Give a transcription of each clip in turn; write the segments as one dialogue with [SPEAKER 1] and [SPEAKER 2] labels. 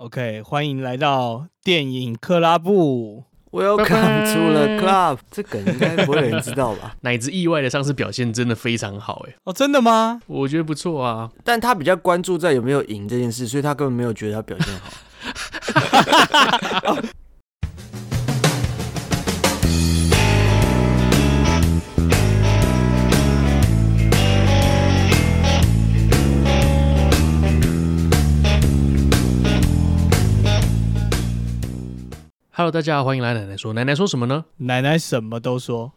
[SPEAKER 1] OK，歡迎來到電影《克拉布》。Welcome to the club。 這個應該不會有人知
[SPEAKER 2] 道吧？ 乃子意外的，上次表現真的非常好哎、欸！
[SPEAKER 3] 哦，真的嗎？我覺得不錯啊，但他比較關注在有沒有贏這件事，所以他根本沒有覺得他表現好。 哦
[SPEAKER 2] Hello，大家好，歡迎來奶奶說，奶奶說什麼呢？
[SPEAKER 1] 奶奶什麼都說。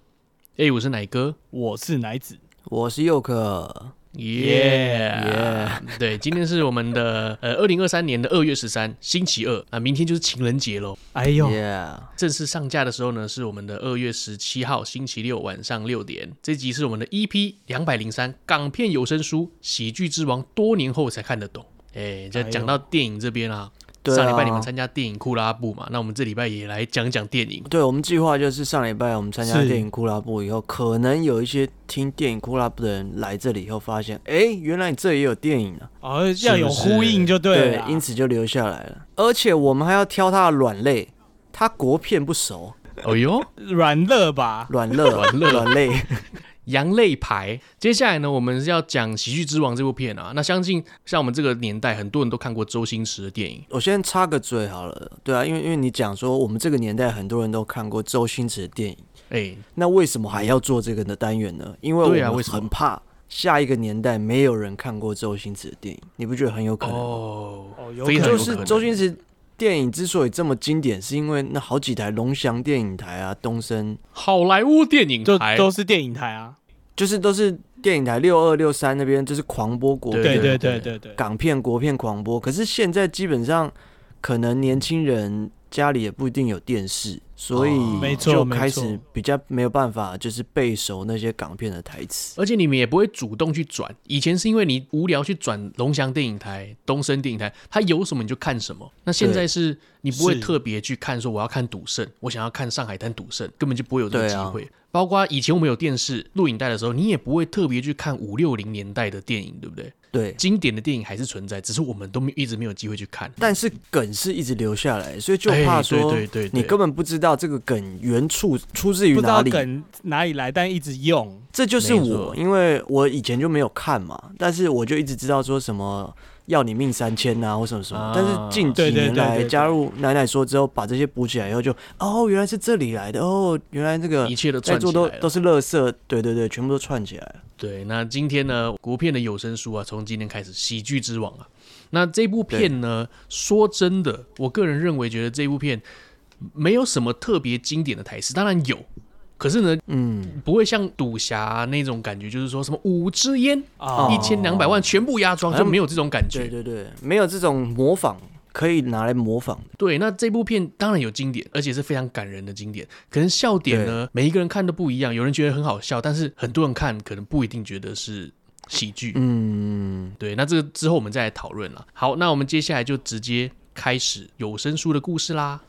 [SPEAKER 2] 哎，我是奶哥，我是奶子，我是佑克。耶！Yeah, yeah. Yeah. 對，今天是我們的 呃二零二三年的二月十三，星期二。啊，明天就是情人節咯。哎呦，正式上架的時候呢，是我們的二月十七號星期六晚上六點。這集是我們的 EP 兩百零三港片有聲書《喜劇之王》，多年後才看得懂。哎，這講到電影這邊啊。啊、上禮拜你們參加電影酷拉部嘛。那我們這禮拜也來講講電影。
[SPEAKER 3] 對，我們計劃就是上禮拜我們參加電影酷拉部以後，可能有一些聽電影酷拉部的人來這裡以後發現，哎，原來你這裡也有電影啊這樣、哦、有呼應就對了，是是，對，因此就留下來了。而且我們還要挑他的軟肋，他國片不熟，哎、哦、呦， 軟樂吧，軟樂 軟肋樂，軟肋。羊肋排，接下來呢，我
[SPEAKER 2] 們是要講《喜劇之王》這部片啊。那相信像我們這個年代，很多人都看過周星馳的電
[SPEAKER 3] 影。我先插個嘴好了，對啊，因為因為你講說我們這個年代很多人都看過周星馳的電影，誒、欸，那為什麼還要做這個的單元呢？因為我們很怕下一個年代沒有人看過周星馳的電影，你不覺得很有可能？哦，哦有可能，就是周星馳。電影之所以這麼經典，是因為那好幾台龍祥電影台啊，東森好萊塢電影台都是電影台啊，就是都是電影台六二六三那邊就是狂播國片，對對對對，對，對，對港片國片狂播，可是現在基本上可能年輕人。家裡也不一定有電視，所以就開始比較沒有辦法，就是背熟那些港片的台詞。而且你們也不會主
[SPEAKER 2] 動去轉，以前是因為你無聊去轉龍翔電影台、東森電影台，它有什麼你就看什麼。那現在是你不會特別去看，說我要看《賭聖》，我想要看《上海灘》、《賭聖》，根本就不會有這個機會啊。包括以前我們有電視錄影帶的時候，你也不會特別去看五六零年代的電影，對不對？對經典的電影還是存在，只是我們都沒有一直沒有機會去看。
[SPEAKER 3] 但是梗是一直留下來，所以就怕說，對對對，你根本不知道這個梗原處出自於哪裡，不知道梗
[SPEAKER 1] 哪裡來，但一直用。這就是我，
[SPEAKER 3] 因為我以前就沒有看嘛，但是我就一直知道說什麼要你命三千啊，或什麼什麼。啊、但是近幾年來加入奶奶說之後，把這些補起來以後就，就哦，原來是這裡來的哦，原來這個在座一切都都都是垃圾，對對對，全部都串起來了。
[SPEAKER 2] 對，那今天呢，國片的有聲書啊，從今天開始，《喜劇之王》啊，那這部片呢，說真的，我個人認為，覺得這部片沒有什麼特別經典的台詞。當然有，可是呢，嗯，不會像賭俠、啊、那種感覺，就是說什麼五支煙，一千兩百萬全部壓莊，就沒有這種感覺，對對對，沒有這種模仿。
[SPEAKER 3] 可以拿來模仿。
[SPEAKER 2] 對，那這部片當然有經典，而且是非常感人的經典。可能笑點呢，每一個人看都不一樣，有人覺得很好笑，但是很多人看可能不一定覺得是喜劇。嗯對，那這個之後我們再來討論啦。好，那我們接下來就直接開始有聲書的故事啦。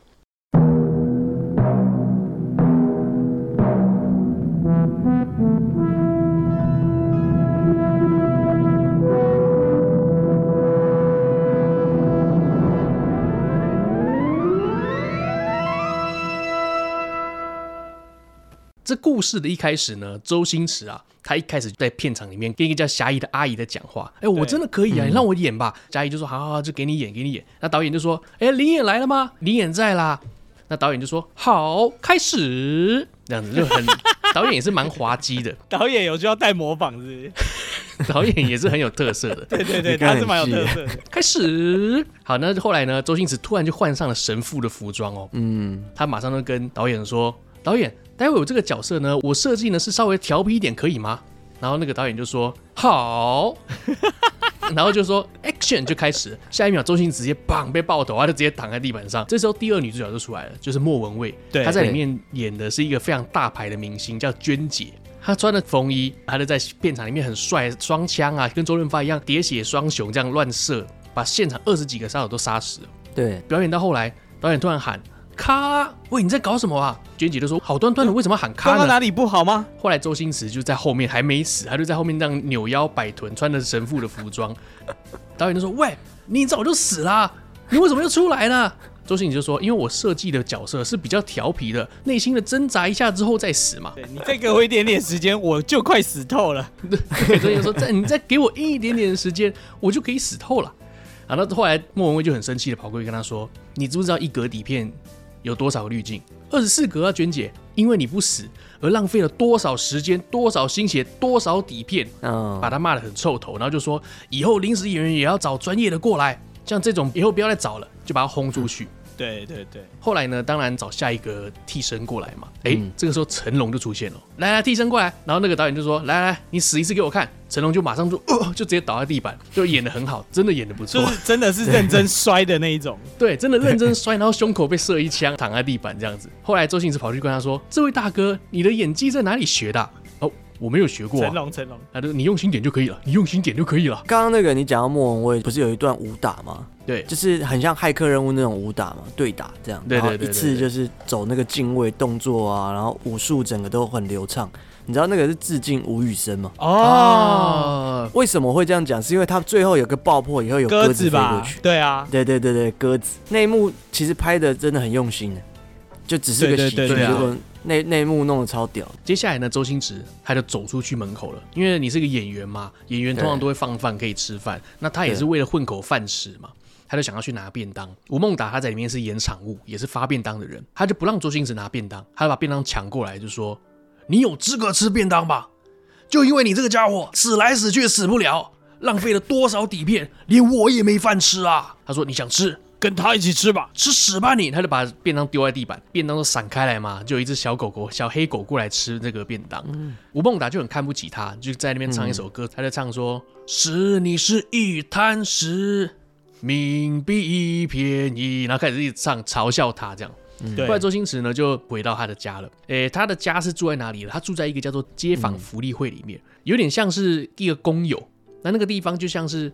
[SPEAKER 2] 故事的一開始呢，周星馳啊，他一開始在片場裡面跟一個叫霞姨的阿姨在講話。哎、欸，我真的可以啊，你讓我演吧。霞、嗯、姨就說：好好好，就給你演，給你演。那導演就說：哎、欸，臨演來了嗎？臨演在啦。那導演就說：好，開始。這樣子就很， 導演也是蠻滑稽的。導演有需要帶模仿的， 導演也是很有特色的。 對對對，他是蠻有特色的。 開始，好，那後來呢，周星馳突然就換上了神父的服裝哦。嗯，他馬上就跟導演說。導演，待會有這個角色呢，我設計呢是稍微調皮一點，可以嗎？然後那個導演就說好， 然後就說 action 就開始。下一秒，周星直接 bang 被爆頭，他就直接躺在地板上。這時候第二女主角就出來了，就是莫文蔚。對，她在裡面演的是一個非常大牌的明星，叫娟姐。她穿的風衣，她就在片場裡面很帥，雙槍啊，跟周潤發一樣疊血雙雄這樣亂射，把現場二十幾個殺手都殺死了。對，表演到後來，導演突然喊。咖，喂，你在搞什麼啊？娟姐就說：“好端端的，為什麼要喊咖呢？剛剛哪裡不好嗎？”後來周星馳就在後面還沒死，他就在後面這樣扭腰擺臀，穿的神父的服裝。 導演就說：“喂，你早就死了，你為什麼又出來呢？” 周星馳就說：“因為我設計的角色是比較調皮的，內心的掙扎一下之後再死嘛。你再給我一點點時間， 我就快死透了。”導演說：“再你再給我一點點時間，我就可以死透了。 ”然後後來莫文蔚就很生氣的跑過去跟他說：“你知不知道一格底片？”有多少個濾鏡？二十四格啊，娟姐，因為你不死而浪費了多少時間、多少心血、多少底片，把他罵得很臭頭，然後就說以後臨時演員也要找專業的過來，像這種以後不要再找了，就把他轟出去。嗯對對對，後來呢？當然找下一個替身過來嘛。哎、嗯，這個時候成龍就出現了，來來替身過來。然後那個導演就說：“來來來，你死一次給我看。”成龍就馬上就、呃、就直接倒在地板，就演得很好， 真的演得不錯，就是、真的是認真摔的那一種對呵呵。對，真的認真摔，然後胸口被射一槍，躺在地板這樣子。後來周星馳跑去跟他說：“這位大哥，你的演技在哪裡學的、啊？”我沒有學過成、啊、龍，成龍、啊，你用心點就可
[SPEAKER 3] 以了，你用心點就可以了。剛剛那個你講到莫文蔚不是有一段武打嗎？對，就是很像《駭客任務》那種武打嘛，對打這樣，對對對對對對，然後一次就是走那個敬畏動作啊，然後武術整個都很流暢。你知道那個是致敬吳宇森嗎？哦、啊，為什麼會這樣講？是因為他最後有個爆破，以後有鴿子飛過去。對啊，對對對對，鴿子那一幕其實拍得真的很用心，就只是個喜劇。對對對對對對啊內內幕
[SPEAKER 2] 弄得超屌。接下來呢，周星馳他就走出去門口了，因為你是個演員嘛，演員通常都會放飯可以吃飯。那他也是為了混口飯吃嘛，他就想要去拿便當。吳孟達他在裡面是演場務，也是發便當的人，他就不讓周星馳拿便當，他就把便當搶過來，就說：“你有資格吃便當吧？就因為你這個家伙死來死去死不了，浪費了多少底片，連我也沒飯吃啊！”他說：“你想吃？”跟他一起吃吧，吃屎吧你！他就把便當丟在地板，便當都散開來嘛，就有一隻小狗狗，小黑狗過來吃這個便當。吳孟達就很看不起他，就在那邊唱一首歌，嗯、他在唱說：“死你是一灘屎，命比一撇泥。”然後開始一直唱嘲笑他這樣。嗯、後來周星馳呢就回到他的家了。誒、欸，他的家是住在哪裡了？他住在一個叫做街坊福利會裡面，嗯、有點像是一個工友。那那個地方就像是。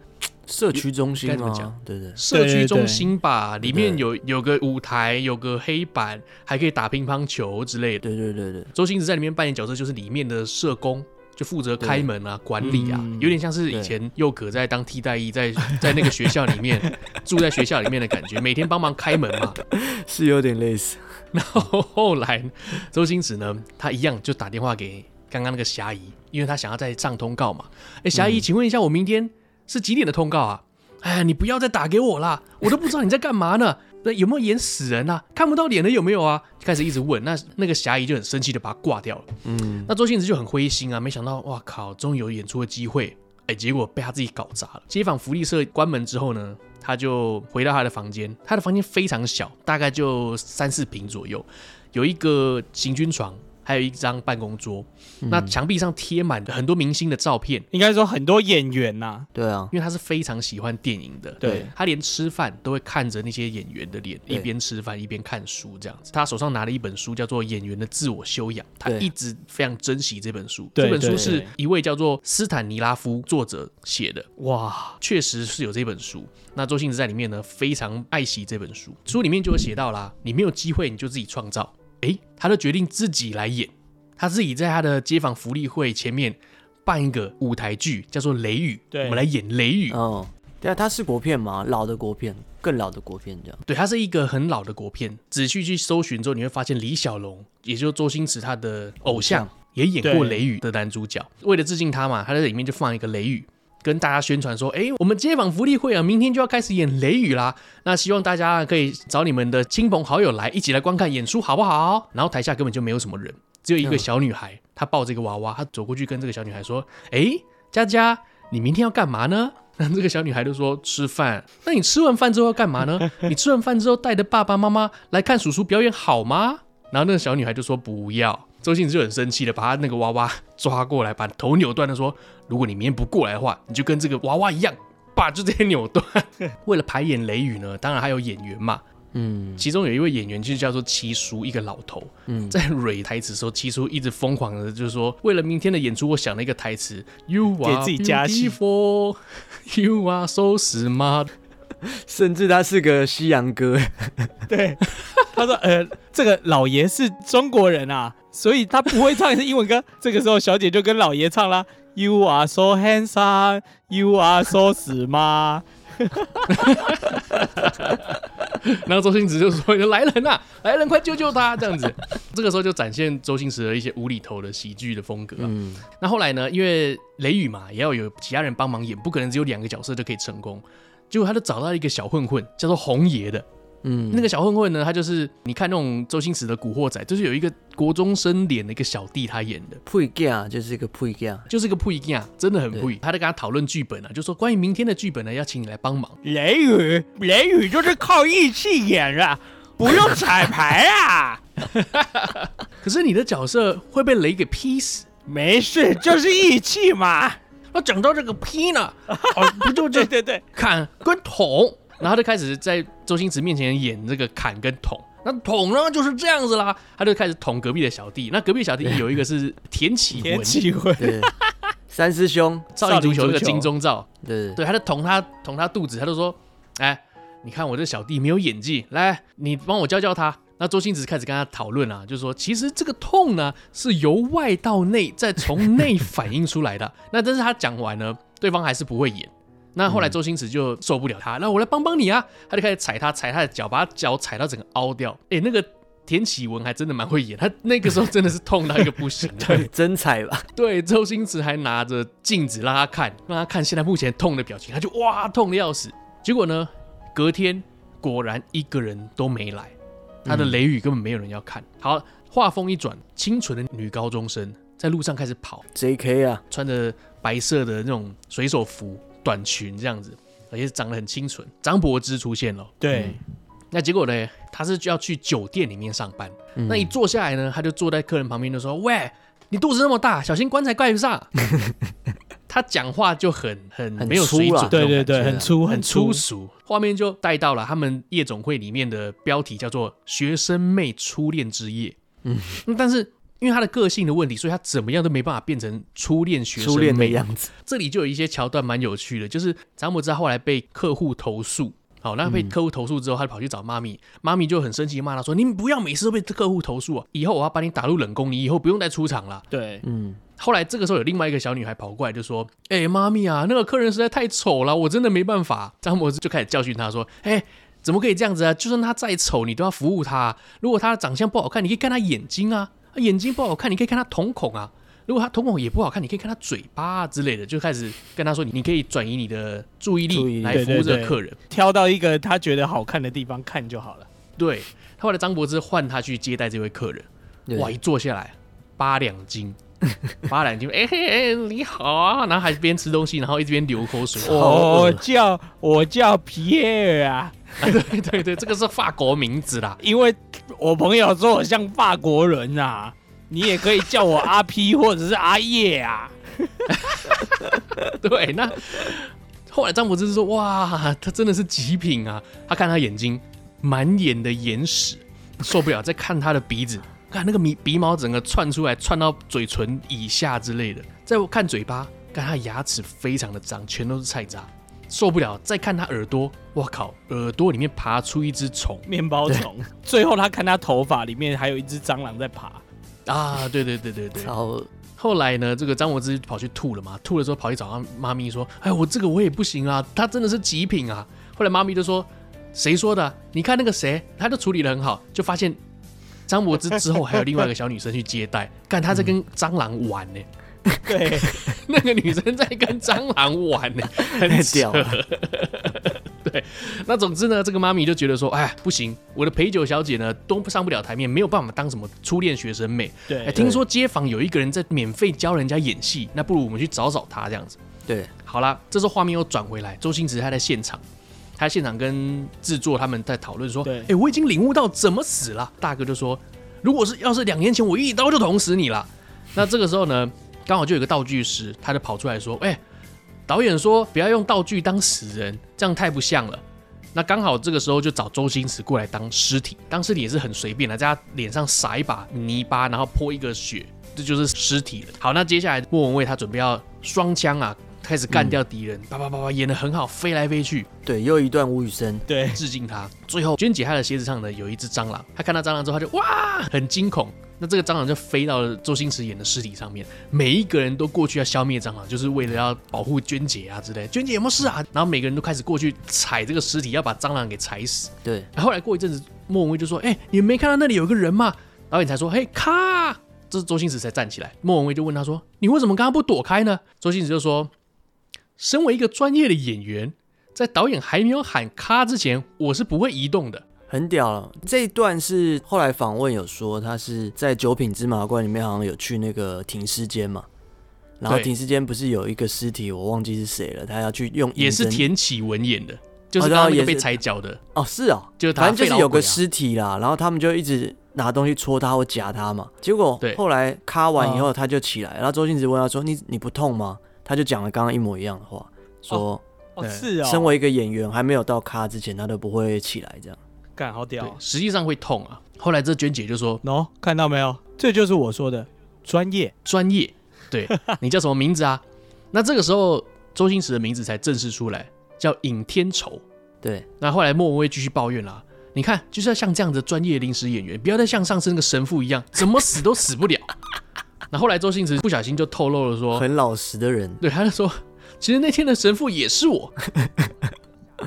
[SPEAKER 2] 社區中心該怎麼講？對，對對，社區中心吧，對對對，裡面有有個舞台，有個黑板，還可以打乒乓球之類的。對對對對，周星馳在裡面扮演角色就是裡面的社工，就負責開門啊、管理啊、嗯，有點像是以前又可在當替代役，在在那個學校裡面 住在學校裡面的感覺，每天幫忙開門嘛，是有點類似。然後後來周星馳呢，他一樣就打電話給剛剛那個霞姨，因為他想要再上通告嘛。哎、欸，霞姨、嗯，請問一下，我明天。是幾點的通告啊？哎，你不要再打給我啦。我都不知道你在幹嘛呢。那 有沒有演死人啊？看不到臉的有沒有啊？就開始一直問，那那個霞姨就很生氣的把他掛掉了。嗯，那周星馳就很灰心啊，沒想到哇靠，終於有演出的機會，哎，結果被他自己搞砸了。街坊福利社關門之後呢，他就回到他的房間，他的房間非常小，大概就三四坪左右，有一個行軍床，還有一張辦公桌，嗯、
[SPEAKER 3] 那
[SPEAKER 2] 牆壁上貼滿很多明星的照片，應該說很多演員吶、啊。對啊，因為他是非常喜歡電影的。對，他連吃飯都會看着那些演員的臉，一邊吃飯一邊看書這樣子。他手上拿了一本書，叫做《演員的自我修養》，他一直非常珍惜這本書對對對。這本書是一位叫做斯坦尼拉夫作者寫的對對對。哇，確實是有這本書。那周星馳在裡面呢，非常愛惜這本書。書裡面就會寫到啦、嗯，你沒有機會，你就自己創造。欸，他就決定自己來演，他自己在他的街坊福利會前面辦一個舞台劇，叫做《雷雨》，對，我們來演《雷雨》。哦，對啊，他是國片嘛，老的國片，更老的國片這樣。對，他是一個很老的國片。仔細去搜尋之後，你會發現李小龍，也就是周星馳他的偶像，偶像也演過《雷雨》的男主角。為了致敬他嘛，他在裡面就放一個《雷雨》。跟大家宣傳說，哎、欸，我們街坊福利會啊，明天就要開始演雷雨啦。那希望大家可以找你們的親朋好友來，一起來觀看演出，好不好？然後台下根本就沒有什麼人，只有一個小女孩，她抱着一個娃娃，她走過去跟這個小女孩說，哎、欸，佳佳，你明天要幹嘛呢？然後這個小女孩就說吃飯。那你吃完飯之後要幹嘛呢？你吃完飯之後帶着爸爸媽媽來看叔叔表演好嗎？然後那個小女孩就說不要。周星馳就很生氣了，把他那個娃娃抓過來，把頭扭斷，他說：“如果你明天不過來的話，你就跟這個娃娃一樣，把就這些扭斷。 ”為了排演《雷雨》呢，當然還有演員嘛，嗯，其中有一位演員就是叫做七叔，一個老頭，嗯，在唸台詞的時候，七叔一直瘋狂的，就是說，為了明天的演出，我想了一個台詞，You are beautiful,
[SPEAKER 1] You are so smart，甚至他是個西洋
[SPEAKER 3] 哥，
[SPEAKER 1] 對。他說：“呃，這個老爺是中國人啊，所以他不會唱也是英文歌。 ”這個時候，小姐就跟老爺唱啦：「You are so handsome, you are so smart 」
[SPEAKER 2] 然後周星馳就說：“來人吶、啊，來人，快救救他！”這樣子， 這個時候就展現周星馳的一些無厘頭的喜劇的風格、啊。嗯。那後來呢？因為雷雨嘛，也要有其他人幫忙演，不可能只有兩個角色就可以成功。結果他就找到一個小混混，叫做紅爺的。嗯，那個小混混呢？他就是你看那種周星馳的《古惑仔》，就是有一個國中生臉的一個小弟，他演的。Piggy 啊，就是一個 Piggy 啊，就是一個 Piggy 啊，真的很不一。他在跟他討論劇本啊，就說關於明天的劇本呢，要請你來幫忙。
[SPEAKER 1] 雷雨，雷雨就是靠
[SPEAKER 2] 義氣演啊， 不用彩排啊。 可是你的角色會被雷給劈死。沒事，就是義氣嘛。我 講到這個劈呢、 哦，不就這？對對對，砍跟捅。然後他就開始在周星馳面前演這個砍跟捅，那捅呢就是這樣子啦，他就開始捅隔壁的小弟，那隔壁小弟有一個是田啟文， 田起文， 三師兄，少林足球那個金鐘罩，對，他就捅他，捅他肚子，他就說，哎、欸，你看我這小弟沒有演技，來，你幫我教教他。那周星馳開始跟他討論啊，就說其實這個痛呢是由外到內，再從內反映出來的。 那但是他講完呢，對方還是不會演。那後來周星馳就受不了他，那、嗯、我來幫幫你啊！他就開始踩他，踩他的腳，把他腳踩到整個凹掉。哎，那個田啟文還真的蠻會演，他那個時候真的是痛到一個不行。對， 真踩了。對，周星馳還拿着鏡子讓他看，讓他看現在目前痛的表情，他就哇痛的要死。結果呢，隔天果然一個人都沒來，
[SPEAKER 3] 他的《雷
[SPEAKER 2] 雨》根本沒有人要看。好，畫風一轉，清純的女高中生在路上開始跑，J.K. 啊，穿着白色的那種水手服。短裙這樣子，而且長得很清純。張柏芝出現了，對、嗯，那結果呢？他是就要去酒店裡面上班，嗯、那一坐下來呢，他就坐在客人旁邊就說，喂，你肚子那麼大，小心棺材蓋不上。 他講話就很很沒有水準、啊，對對對，很粗很粗俗。畫面就帶到了他們夜總會裡面的標題叫做《學生妹初戀之夜》， 嗯，但是。因為他的個性的問題，所以他怎麼樣都沒辦法變成初戀學生的，初戀的樣子。這裡就有一些橋段蠻有趣的，就是張柏芝後來被客戶投訴，好，那被客戶投訴之後，嗯、他就跑去找媽咪，媽咪就很生氣罵他說：“你們不要每次都被客戶投訴啊，以後我要把你打入冷宮，你以後不用再出場了。”對，嗯。後來這個時候有另外一個小女孩跑過來就說：“哎、欸，媽咪啊，那個客人實在太醜了，我真的沒辦法。”張柏芝就開始教訓他說：“哎、欸，怎麼可以這樣子啊？就算他再醜，你都要服務他。如果他的長相不好看，你可以看他眼睛啊。”眼睛不好看，你可以看他瞳孔啊。如果他瞳孔也不好看，你可以看他嘴巴之類的，就開始跟他說你，你可以轉移你的注意力來服務這個客人，對
[SPEAKER 1] 對對，挑到一個他覺得好看的地方看就好了。
[SPEAKER 2] 對，後來張柏芝換他去接待這位客人，對對對，哇！一坐下來八兩金。 八兩金。哎、欸、嘿，哎，你好啊！然後還是邊吃東西，然後一邊流口水。 呃、我
[SPEAKER 1] 叫我叫皮耶啊！ 啊對，對對對，這個是法國名字啦， 因為。我朋友說我像法國人啊，你也可以叫我阿 P 或者是阿葉啊。 對，那
[SPEAKER 2] 後來張柏芝說：“哇，他真的是極品啊！他看他眼睛，滿眼的眼屎，受不了；再看他的鼻子，看那個鼻毛整個竄出來，竄到嘴唇以下之類的；再看嘴巴，看他牙齒非常的髒，全都是菜渣。”受不了！再看他耳朵，我靠，耳朵裡面爬出一只蟲，麵包蟲。最後他看他頭髮裡面還有一只蟑螂在爬。啊，對對對對對，對。然後後來呢，這個張柏芝跑去吐了嘛，吐了之後跑去找他媽咪說：“哎，我這個我也不行啊，他真的是極品啊。”後來媽咪就說：“誰說的、啊？你看那個誰，他就處理得很好。”就發現張柏芝之後還有另外一個小女生去接待，看她在跟蟑螂玩呢、欸。嗯對， 那個女生在跟蟑螂玩呢，太 很扯 屌了、啊。 對，那總之呢，這個媽咪就覺得說，哎呀，不行，我的陪酒小姐呢，都上不了台面，沒有辦法當什麼初戀學生妹。
[SPEAKER 3] 對、哎，聽說
[SPEAKER 2] 街坊有一個人在免費教人家演戲，那不如我們去找找他這樣子。對，好了，這時候畫面又轉回來，周星馳他在現場，他現場跟制作他們在討論說，哎、欸，我已經領悟到怎麼死了。大哥就說，如果是要是兩年前我一刀就捅死你了， 那這個時候呢？剛好就有個道具師，他就跑出來說：“哎，導演說不要用道具當死人，這樣太不像了。”那剛好這個時候就找周星馳過來當屍體，當屍體也是很隨便的，在他臉上撒一把泥巴，然後潑一個血，這就是屍體了。好，那接下來莫文蔚他準備要雙槍啊，開始幹掉敵人，叭叭叭叭，演得很好，飛來飛去。對，又一段吳宇森對致敬他。最後娟姐她的鞋子上呢有一隻蟑螂，她看到蟑螂之後，她就哇很驚恐。那這個蟑螂就飛到了周星馳演的屍體上面，每一個人都過去要消滅蟑螂，就是為了要保護娟姐啊之類的。娟姐有沒有事啊？然後每個人都開始過去踩這個屍體，要把蟑螂給踩死。對。後來過一陣子，莫文蔚就說：“哎、欸，你沒看到那裡有個人嗎？”導演才說：“嘿，咔！”這是周星馳才站起來。莫文蔚就問他說：“你為什麼剛剛不躲開呢？”周星馳就說：“身為一個專業的演員，在導演還沒有喊咔之前，我是不會移動
[SPEAKER 3] 的。”很屌了，這一段是後來訪問有說，他是在《九品芝麻官》裡面好像有去那個停屍間嘛，然後停屍間不是有一個屍體，我忘記是誰了，他要去用眼，也是田
[SPEAKER 2] 啟文演的，
[SPEAKER 3] 就是他也被踩腳的，哦，是啊，就是、反正就是有個屍體啦、啊，然後他們就一直拿東西戳他或夾他嘛，結果後來咔完以後他就起來、啊，然後周星馳問他說：“你你不痛嗎？”他就講了剛剛一模一樣的話，說：“哦，哦是啊、哦。”身為一個演員，還沒有到咔之前，他都不會起來這樣。
[SPEAKER 1] 幹好屌，
[SPEAKER 3] 喔，實際上會痛啊！後來這娟姐就說：“喏，no?，看到沒有，這就是我
[SPEAKER 2] 說的專業專業。業”對 你叫什麼名字啊？那這個時候周星馳的名字才正式出來，叫尹天仇。對，那後來莫文蔚繼續抱怨了，啊：“你看，就是要像這樣子的專業臨時演員，不要再像上次那個神父一樣，怎麼死都死不了。 ”那後，後來周星馳不小心就透露了說：“很老實的人。”對，他就說：“其實
[SPEAKER 1] 那天的神父也是我。 ”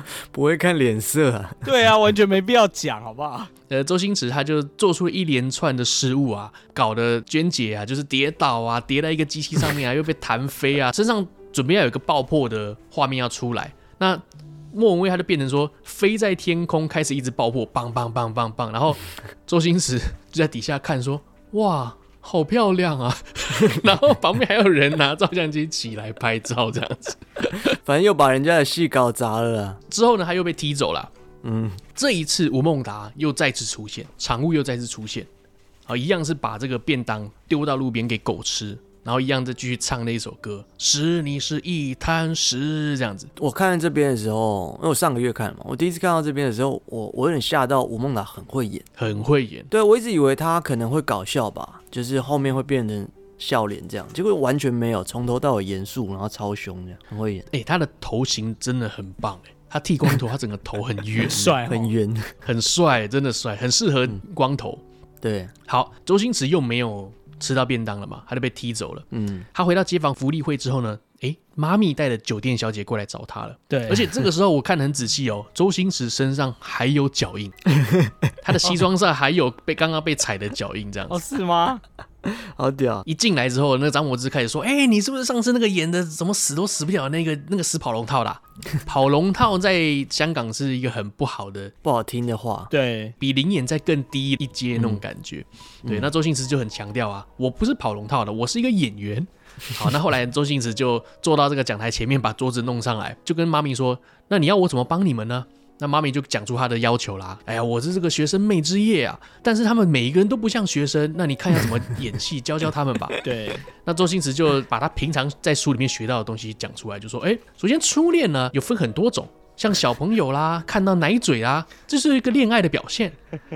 [SPEAKER 2] 不會看臉色啊？
[SPEAKER 1] 對啊，完全沒必要講， 好不好？
[SPEAKER 2] 呃，周星馳他就做出一連串的失誤啊，搞得娟姐啊就是跌倒啊，跌在一個機器上面啊，又被彈飛啊， 身上準備要有一個爆破的畫面要出來，那莫文蔚他就變成說飛在天空，開始一直爆破，棒棒棒棒棒棒。然後周星馳就在底下看說哇，好
[SPEAKER 3] 漂亮啊！
[SPEAKER 2] 然後旁邊還有人拿照相機起來拍照，這樣子， 反
[SPEAKER 3] 正又把人家的戲搞砸了。
[SPEAKER 2] 之後呢，他又被踢走了。嗯，這一次吳孟達又再次出現，場務又再次出現，啊，一樣是把這個便當丟到路邊給狗吃。然後一樣再繼續唱
[SPEAKER 3] 那一首歌，是，你是一灘屎這樣子。我看這邊的時候，因為我上個月看了嘛，我第一次看到這邊的時候，我我有點嚇到。吳孟達很會演，很會演。對，我一直以為他可能會搞笑吧，就是後面會變成笑臉這樣，結果完全沒有，從頭到尾嚴肅，然後超兇這樣，很會演。哎、欸，他的頭型真的很棒哎，他剃光頭，他整個頭很圓、 哦，很圓，
[SPEAKER 2] 很帥，真的帥，很適合光頭。嗯、對，好，周星馳又沒有。吃到便當了嘛？他就被踢走了。嗯，他回到街坊福利會之後呢，哎、欸，媽咪帶着酒店小姐過來找他了。對，而且這個時候我看得很仔細哦、喔， 周星馳身上還有腳印， 他的西裝上還有被剛剛被踩的腳印，這樣子。 哦，
[SPEAKER 1] 是嗎？
[SPEAKER 2] 好屌！一進來之後，那個張柏芝開始說：“哎、欸，你是不是上次那個演的怎麼死都死不了那個那個死跑龍套的、啊？” 跑龍套在香港是一個很不好的，不好聽的話，對，比臨演再更低一階那種感覺。嗯、對、嗯，那周星馳就很強調啊，我不是跑龍套的，我是一個演員。好，那後來周星馳就坐到這個講台前面，把桌子弄上來，就跟媽咪說：“那你要我怎麼幫你們呢？”那媽咪就講出她的要求啦。哎呀，我是這個學生妹之夜啊，但是他們每一個人都不像學生。那你看一下怎麼演戲， 教教他們吧。對。那周星馳就把他平常在書裡面學到的東西講出來，就說：哎、欸，首先初戀呢有分很多種，像小朋友啦，看到奶嘴啦，這是一個戀愛的表現。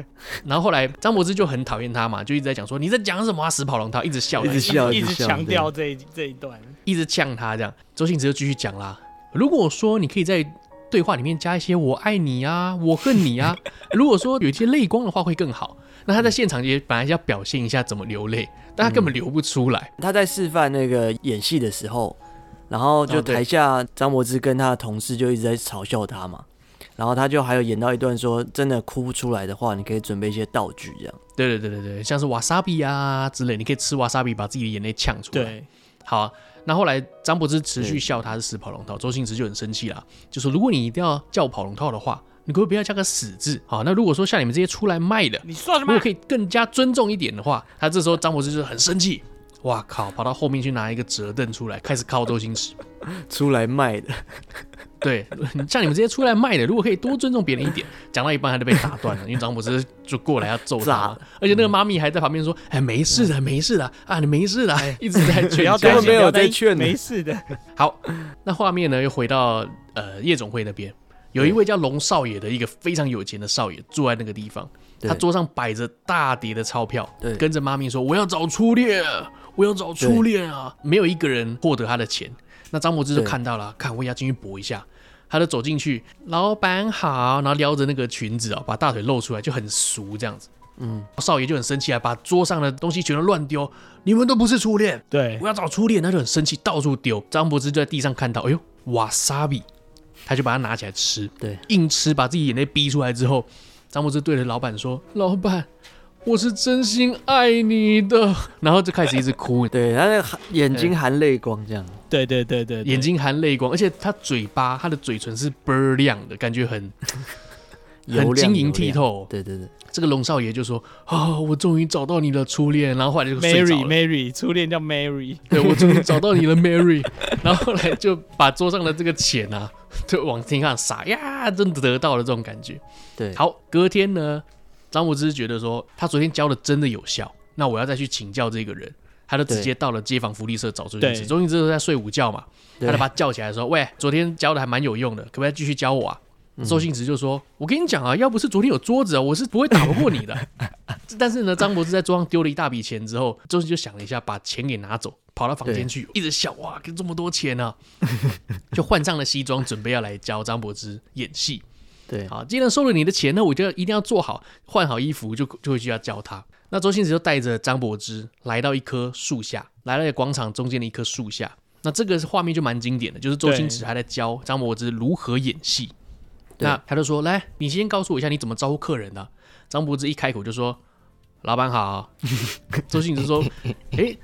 [SPEAKER 2] 然後後來張柏芝就很討厭他嘛，就一直在講說你在講什麼啊，死跑龍套，一直笑，一直笑，一直強調這一這一段，一直嗆他這樣。周星馳就繼續講啦，如果說你可以在。對話裡面加一些“我愛你啊，我恨你啊”。如果說有一些淚光的話會更好。那他在現場也本來要表現一下怎麼流淚，但
[SPEAKER 3] 他根本流不出來。嗯，他在示範那個演戲的時候，然後就台下張柏芝跟他的同事就一直在嘲笑他嘛。然後他就還有演到一段說真的哭不出來的話，你可以準備一些道具這樣。
[SPEAKER 2] 對對對對對，
[SPEAKER 3] 像是瓦薩比啊之類，你可
[SPEAKER 2] 以吃瓦薩比，把自己的眼淚嗆出來。對，好啊。那後來，張柏芝持續笑他是死跑龍套，周星馳就很生氣了，就說：“如果你一定要叫我跑龍套的話，你可不可以不要加個死字？好，那如果說像你們這些出來賣的，你說什麼？如果可以更加尊重一點的話，他這時候張柏芝就很生氣，哇靠，跑到後面去拿一個折凳出來， 開始靠周星馳出來賣的。 對，像你們這些出來賣的，如果可以多尊重別人一點。講到一半他就被打斷了，因為張柏芝就過來要揍他，啊，而且那個媽咪還在旁邊說、嗯：“哎，沒事的，沒事的，啊，你沒事的。哎”一直在勸，哎在勸哎、你要沒有在勸，沒事的。好，那畫面呢又回到呃夜總會那邊，有一位叫龍少爺的一個非常有錢的少爺坐在那個地方，他桌上擺着大疊的鈔票，跟着媽咪說：“我要找初戀，我要找初戀啊，初戀啊！”沒有一個人獲得他的錢。那張柏芝就看到了，看我也要進去搏一下，他就走進去，老闆好，然後撩着那個裙子啊、喔，把大腿露出來，就很熟這樣子。嗯，少爺就很生氣啊，把桌上的東西全都亂丟，你們都不是初戀，對，我要找初戀，他就很生氣，到處丟。張柏芝就在地上看到，哎呦，哇沙比，他就把它拿起來吃，對，硬吃，把自己眼淚逼出來之後，張柏芝對着老闆說，老闆，我是真心愛你的，然後就開始一直哭，對，他那眼睛含淚光這樣。對對對對，對，眼睛含淚光，而且他嘴巴，他的嘴唇是啵亮的，感覺很 油亮 很晶瑩剔透。對對對，這個龍少爺就說：“啊、哦，我終於找到你了，初戀。”然後後來就 Mary，Mary，Mary，
[SPEAKER 1] 初戀叫 Mary。對，我終於找到你
[SPEAKER 2] 了，Mary。 然後後
[SPEAKER 1] 來就把桌
[SPEAKER 2] 上的這個錢啊，就往天上撒呀，真的得到了這種感覺。對，好，隔天呢，張柏芝覺得說他昨天教的真的有效，那我要再去請教這個人。他就直接到了街坊福利社找周星馳，周星馳都在睡午覺嘛，他就把他叫起來說：“喂，昨天教的還蠻有用的，可不可以繼續教我啊？”嗯、周星馳就說：“我跟你講啊，要不是昨天有桌子，啊，我是不會打不過你的。 ”但是呢，張柏芝在桌上丟了一大筆錢之後，周星就想了一下，把錢給拿走，跑到房間去，一直笑：“哇，給這麼多錢呢、啊！” 就換上了西裝，準備要來教張柏芝演戲。對，好，既然收了你的錢，那我就要一定要做好，換好衣服就就會就要教他。那周星馳就帶着張柏芝來到一棵樹下，來到了廣場中間的一棵樹下。那這個畫面就蠻經典的，就是周星馳還在教張柏芝如何演戲。那他就說：“來，你先告訴我一下你怎麼招呼客人的、啊。”張柏芝一開口就說：“老闆好。 ”周星馳說：“哎、欸，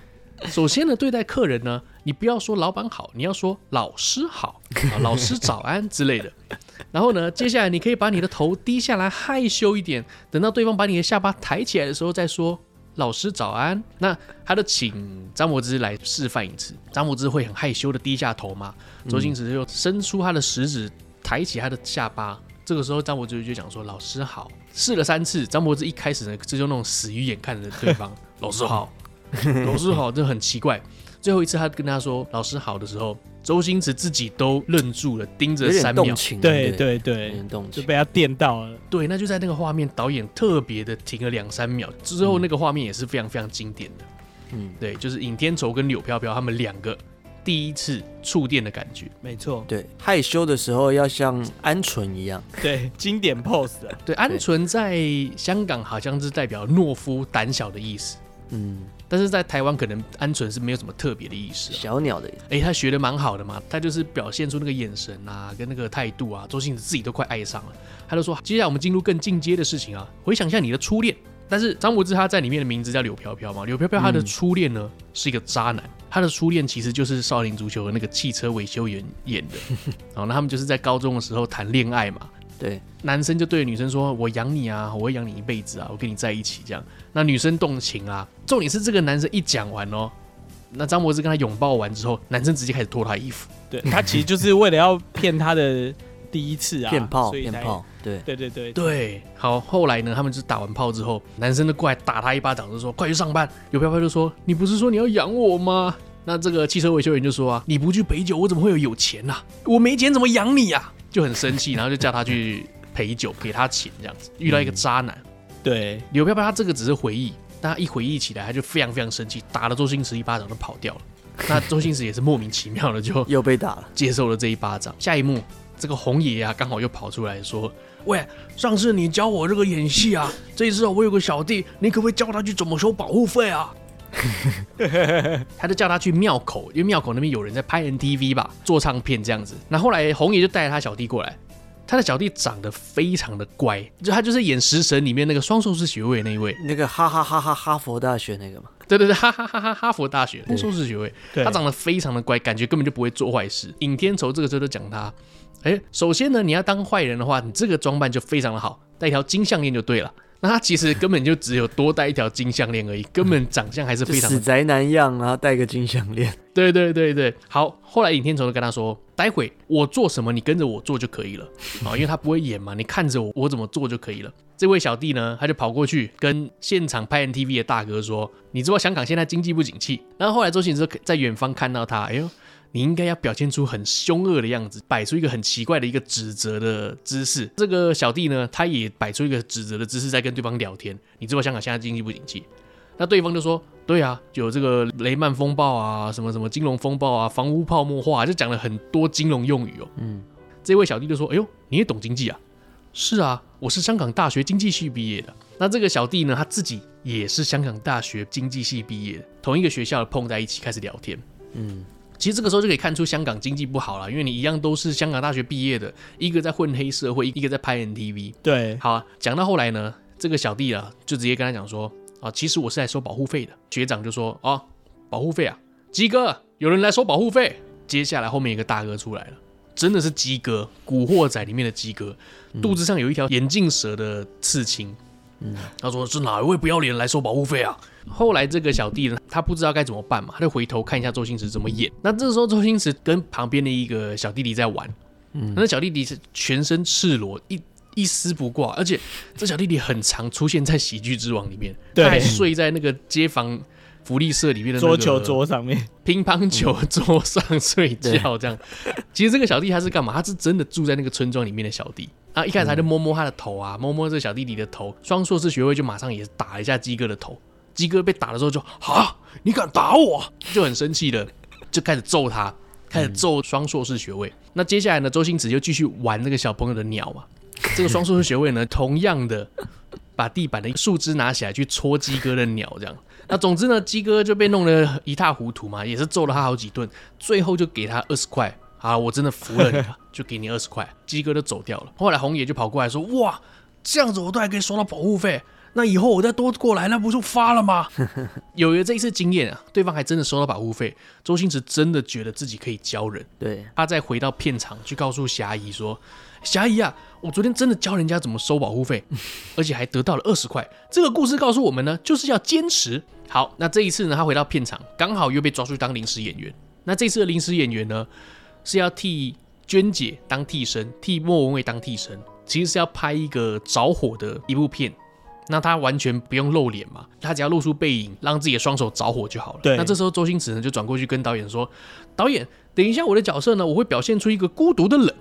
[SPEAKER 2] 首先呢，對待客人呢。”你不要說老闆好，你要說老師好啊，老師早安之類的。 然後呢，接下來你可以把你的頭低下來，害羞一點。等到對方把你的下巴抬起來的時候，再說老師早安。那他就請張柏芝來示範一次。張柏芝會很害羞的低下頭嗎？嗯、周星馳就伸出他的食指，抬起他的下巴。這個時候，張柏芝就講說老師好。試了三次，張柏芝一開始呢，這就那種死魚眼看着對方， 老師好， 老師好，這很奇怪。最後一次，他跟他說“老師好”的時候，周星馳自己都愣住了，盯著三秒啊。對對對，對，有點動情，就被他電到了。對，那就在那個畫面，導演特別的停了兩三秒，之後那個畫面也是非常非常經典的。嗯，對，就是尹天仇跟柳飄飄他們兩個第一次觸電的感覺。沒
[SPEAKER 3] 錯，對，害羞的時候要像鵪鶉一樣。對，
[SPEAKER 2] 經典 pose 啊。對，鵪鶉在香港好像是代表懦夫、膽小的意思。嗯。但是在台灣可能鵪鶉是沒有什麼特別的、啊、的意思，小鳥的意思。哎，他學的蠻好的嘛，他就是表現出那個眼神啊，跟那個態度啊，周星馳自己都快愛上了。他就說：“接下來我們進入更進階的事情啊，回想一下你的初戀。”但是張柏芝他在裡面的名字叫柳飄飄嘛，柳飄飄他的初戀呢、嗯、是一個渣男，他的初戀其實就是《少林足球》的那個汽車維修員演
[SPEAKER 3] 的。 然
[SPEAKER 2] 後那他們就是在高中的時候談戀愛嘛。對，男生就對女生說：“我養你啊，我會養你一輩子啊，我跟你在一起這樣。”那女生動情啊，重點是這個男生一講完哦、喔，那張柏芝跟他擁抱完之後，男生直接開始脫他衣服，對，他其實就是為了要騙他的第一次啊，騙 炮，騙炮，對，對
[SPEAKER 1] 對對對，對
[SPEAKER 2] 好，後來呢，他們就打完炮之後，男生就過來打他一巴掌，就說：“快去上班。”柳飄飄就說：“你不是說你要養我嗎？”那這個汽車維修員就說：“啊，你不去陪酒，我怎麼會有有錢啊？我沒錢怎麼養你啊？」就很生氣，然後就叫他去陪酒，給他錢這樣子。遇到一個渣男，嗯、對，柳飄飄，他這個只是回憶，但他一回憶起來，他就非常非常生氣，打了周星馳一巴掌就跑掉了。那周星馳也是莫名其妙的就 又被打了，接受了這一巴掌。下一幕，這個紅爺啊，剛好又跑出來說：“喂，上次你教我這個演戲啊， 這一次我有個小弟，你可不可以教他去怎麼收保護費啊？” 他就叫他去廟口，因為廟口那邊有人在拍 MTV 吧，做唱片這樣子。那後，後來紅爺就帶着他小弟過來，他的小弟長得非常的乖，就他就是演《食神》裡面那個雙碩士學位那一位，那個哈哈哈哈哈佛大學那個嘛。對對對，哈哈哈哈哈佛大學碩士學位對對。他長得非常的乖，感覺根本就不會做壞事。尹天仇這個時候都講他，哎、欸，首先呢，你要當壞人的話，你這個裝扮就非常的好，戴一條金項鏈就對了。那他其實根本就只有多戴一條金項鏈而已，根本長相還是非常的死宅男樣，然後戴個金項鏈。對對對對，好，後來尹天仇就跟他說，待會我做什麼，你跟着我做就可以了啊，哦，因為他不會演嘛，你看着我，我怎麼做就可以了。這位小弟呢，他就跑過去跟現場拍 NTV 的大哥說，你知不知道香港現在經濟不景氣，然後後來周星馳在遠方看到他，哎呦。你應該要表現出很兇惡的樣子，擺出一個很奇怪的一個指責的姿勢。這個小弟呢，他也擺出一個指責的姿勢，在跟對方聊天。你知不知道香港現在經濟不景氣，那對方就說：“對啊，有這個雷曼風暴啊，什麼什麼金融風暴啊，房屋泡沫化啊，就講了很多金融用語哦。”嗯，這位小弟就說：“哎呦，你也懂經濟啊？”“是啊，我是香港大學經濟系畢業的。”那這個小弟呢，他自己也是香港大學經濟系畢業，同一個學校碰在一起開始聊天。嗯。其實這個時候就可以看出香港經濟不好了，因為你一樣都是香港大學畢業的，一個在混黑社會，一個在拍 MTV。對，好、啊，講到後來呢，這個小弟啊，就直接跟他講說啊，其實我是來收保護費的。學長就說啊、哦，保護費啊，雞哥，有人來收保護費。接下來後面一個大哥出來了，真的是雞哥，《古惑仔》裡面的雞哥，肚子上有一條眼鏡蛇的刺青。嗯，他說是哪一位不要臉來收保護費啊？後來這個小弟呢，他不知道該怎麼辦嘛，他就回頭看一下周星馳怎麼演、嗯。那這時候周星馳跟旁邊的一個小弟弟在玩，嗯、那小弟弟是全身赤裸，一一絲不掛，而且這小弟弟很常出現在《喜劇之王》裡面，嗯、他還睡在那個街坊福利社裡面的、那個、桌球桌上面、乒乓球桌上、嗯、睡覺這樣。其實這個小弟他是幹嘛？他是真的住在那個村莊裡面的小弟。啊，一開始他就摸摸他的頭啊，嗯、摸摸這小弟弟的頭，雙碩士學位就馬上也打了一下雞哥的頭。雞哥被打了之後就啊，你敢打我？就很生氣的，就開始揍他，開始揍雙碩士學位。那接下來呢，周星馳就繼續玩那個小朋友的鳥嘛。這個雙碩士學位呢，同樣的把地板的樹枝拿起來去戳雞哥的鳥，這樣。那總之呢，雞哥就被弄得一塌糊塗嘛，也是揍了他好幾頓，最後就給他二十塊。啊，我真的服了你了，就給你二十塊。雞哥就走掉了。後來紅爺就跑過來說，哇，這樣子我都還可以收到保護費。那以後我再多過來，那不就發了嗎？ 有了這一次經驗啊，對方還真的收到保護費。周星馳真的覺得自己可以教人。對，他再回到片場去告訴霞姨說：“霞姨啊，我昨天真的教人家怎麼收保護費，而且還得到了二十塊。”這個故事告訴我們呢，就是要堅持。好，那這一次呢，他回到片場，剛好又被抓出去當臨時演員。那這次的臨時演員呢，是要替娟姐當替身，替莫文蔚當替身，其實是要拍一個着火的一部片，那他完全不用露臉嘛，他只要露出背影，讓自己的雙手着火就好了。那這時候周星馳呢就轉過去跟導演說：“導演，等一下我的角色呢，我會表現出一個孤獨的冷。”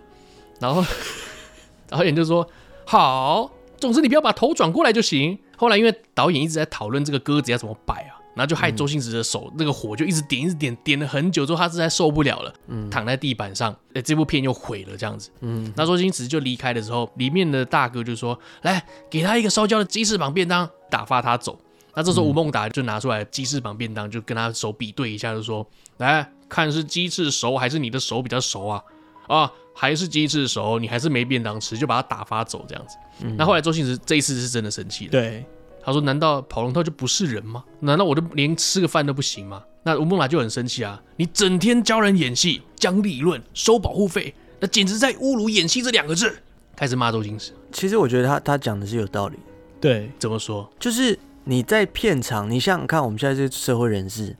[SPEAKER 2] 然後 導演就說：“好，總之你不要把頭轉過來就行。”後來因為導演一直在討論這個鴿子要怎麼擺啊。然後就害周星馳的手，嗯、那個火就一直點一直點，點了很久之後他實在受不了了，嗯，躺在地板上，哎，欸，這部片又毀了這樣子。嗯，那周星馳就離開的時候，裡面的大哥就說：“來，給他一個燒焦的雞翅膀便當，打發他走。”那這時候吳孟達就拿出來雞翅膀便當，就跟他手比對一下，就說：“來看是雞翅熟還是你的手比較熟啊？啊，還是雞翅熟，你還是沒便當吃，就把他打發走這樣子。”嗯，那後來周星馳這一次是真的生氣了。對。他說：“難道跑龍套就不是人嗎？難道我就連吃個飯都不行嗎？”那吳孟達就很生氣啊！你整天教人演戲、講理論、收保護費，那簡直在侮辱‘演戲’這兩個字！開始罵周星馳。
[SPEAKER 3] 其實我覺得他他講的是有道理。對，怎麼說？就是你在片場，你想想看，我們現在是個社會人士，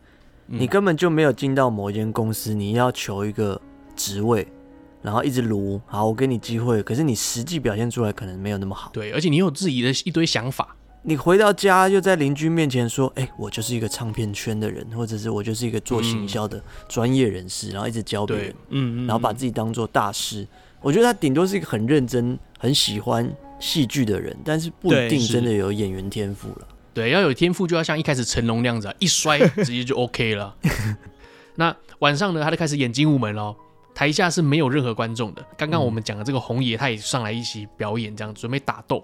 [SPEAKER 3] 嗯，你根本就沒有進到某一間公司，你要求一個職位，然後一直盧。好，我給你機會，可是你實際表現出來可能沒有那麼好。對，而且你有自己的一堆想法。你回到家又在鄰居面前說：“哎、欸，我就是一個唱片圈的人，或者是我就是一個做行銷的專業人士。嗯”然後一直教別人對，嗯，然後把自己當做大師、嗯。我覺得他頂多是一個很認真、很喜歡戲劇的人，但是不一定真的有演員天賦了
[SPEAKER 2] 對。對，要有天賦就要像一開始成龍那樣子、啊，一摔直接就 OK 了。 那晚上呢，他就開始演《精武門》咯，台下是沒有任何觀眾的。剛剛我們講的這個紅爺，他也上來一起表演，這樣準備打鬥。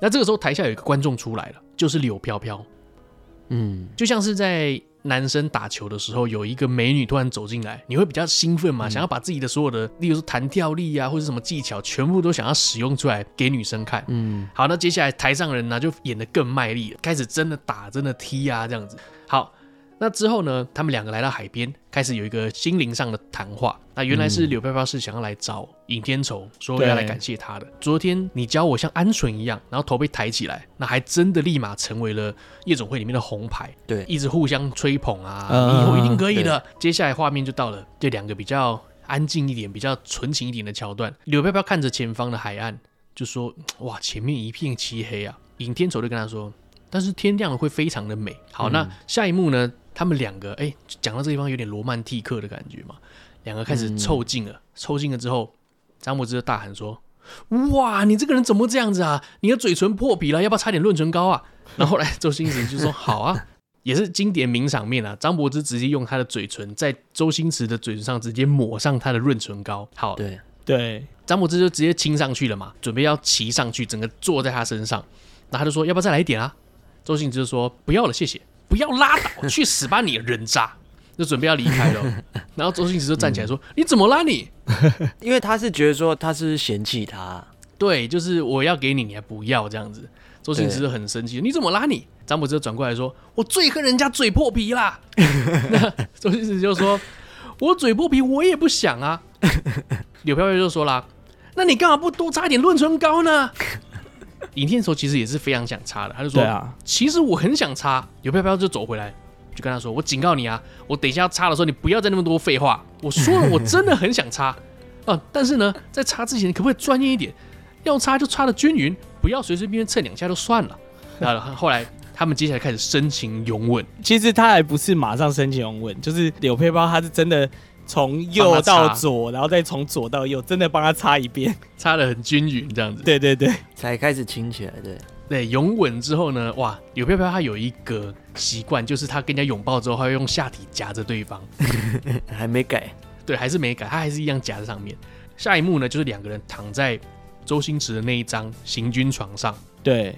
[SPEAKER 2] 那這個時候台下有一個觀眾出來了，就是柳飄飄，嗯，就像是在男生打球的時候，有一個美女突然走進來，你會比較興奮嘛、嗯？想要把自己的所有的，例如說彈跳力啊，或者什麼技巧，全部都想要使用出來給女生看。嗯，好，那接下來台上人呢、啊、就演得更賣力了，開始真的打，真的踢啊，這樣子。好。那之後呢？他們兩個來到海邊，開始有一個心靈上的談話。那原來是柳飄飄是想要來找尹天仇，說要來感謝他的。昨天你教我像鵪鶉一樣，然後頭被抬起來，那還真的立馬成為了夜總會裡面的紅牌。對，一直互相吹捧啊，呃，你以後一定可以的。接下來畫面就到了這兩個比較安靜一點、比較純情一點的橋段。柳飄飄看着前方的海岸，就說：“哇，前面一片漆黑啊！”尹天仇就跟他說：“但是天亮了會非常的美好。”嗯，那下一幕呢？他們兩個哎，講、欸、到這地方有點羅曼蒂克的感覺嘛，兩個開始湊近了，湊、嗯、近了之後，張柏芝就大喊說：“哇，你這個人怎麼這樣子啊？你的嘴唇破皮了，要不要擦點潤唇膏啊？” 然後，後來周星馳就說：“好啊， 也是經典名場面啊。”張柏芝直接用她的嘴唇在周星馳的嘴唇上直接抹上他的潤唇膏，好，對對，張柏芝就直接親上去了嘛，準備要騎上去，整個坐在他身上。那他就說：“要不要再來一點啊？”周星馳就說：“不要了，謝謝。”不要拉倒，去死吧你 人渣！就準備要離開了， 然後周星馳就站起來說、嗯：“你怎麼拉你？”因為他是覺得說他是嫌棄他，對，就是我要給你，你還不要這樣子。周星馳就很生氣：“你怎麼拉你？”張柏芝轉過來說：“我最恨人家嘴破皮啦！” 那周星馳就說：“我嘴破皮，我也不想啊。 ”柳飄飄就說啦：“那你幹嘛不多擦一點潤唇膏呢？”影片的時候其實也是非常想插的。他就說：“對啊、其實我很想插。”柳飄飄就走回來，就跟他說：“我警告你啊，我等一下要插的時候，你不要再那麼多廢話。我說了，我真的很想插、 啊、但是呢，在插之前可不可以專業一點？要插就插得均勻，不要隨隨便便蹭兩下
[SPEAKER 1] 就算了。 啊”然後後來他們接下來開始深情擁吻。其實他還不是馬上深情擁吻，就是柳飄飄他是真的。從右到左，然後再從左到右，真的幫他擦一遍，擦得很均勻，這樣子。對對對，才開始親起來，對。
[SPEAKER 2] 對，擁吻之後呢，哇，柳飄飄他有一個習慣，就是他跟人家擁抱之後，他會用下體夾着對方。 還沒改，對，還是沒改，他還是一樣夾在上面。下一幕呢，就是兩個人躺在周星馳的那一張行軍床上。對。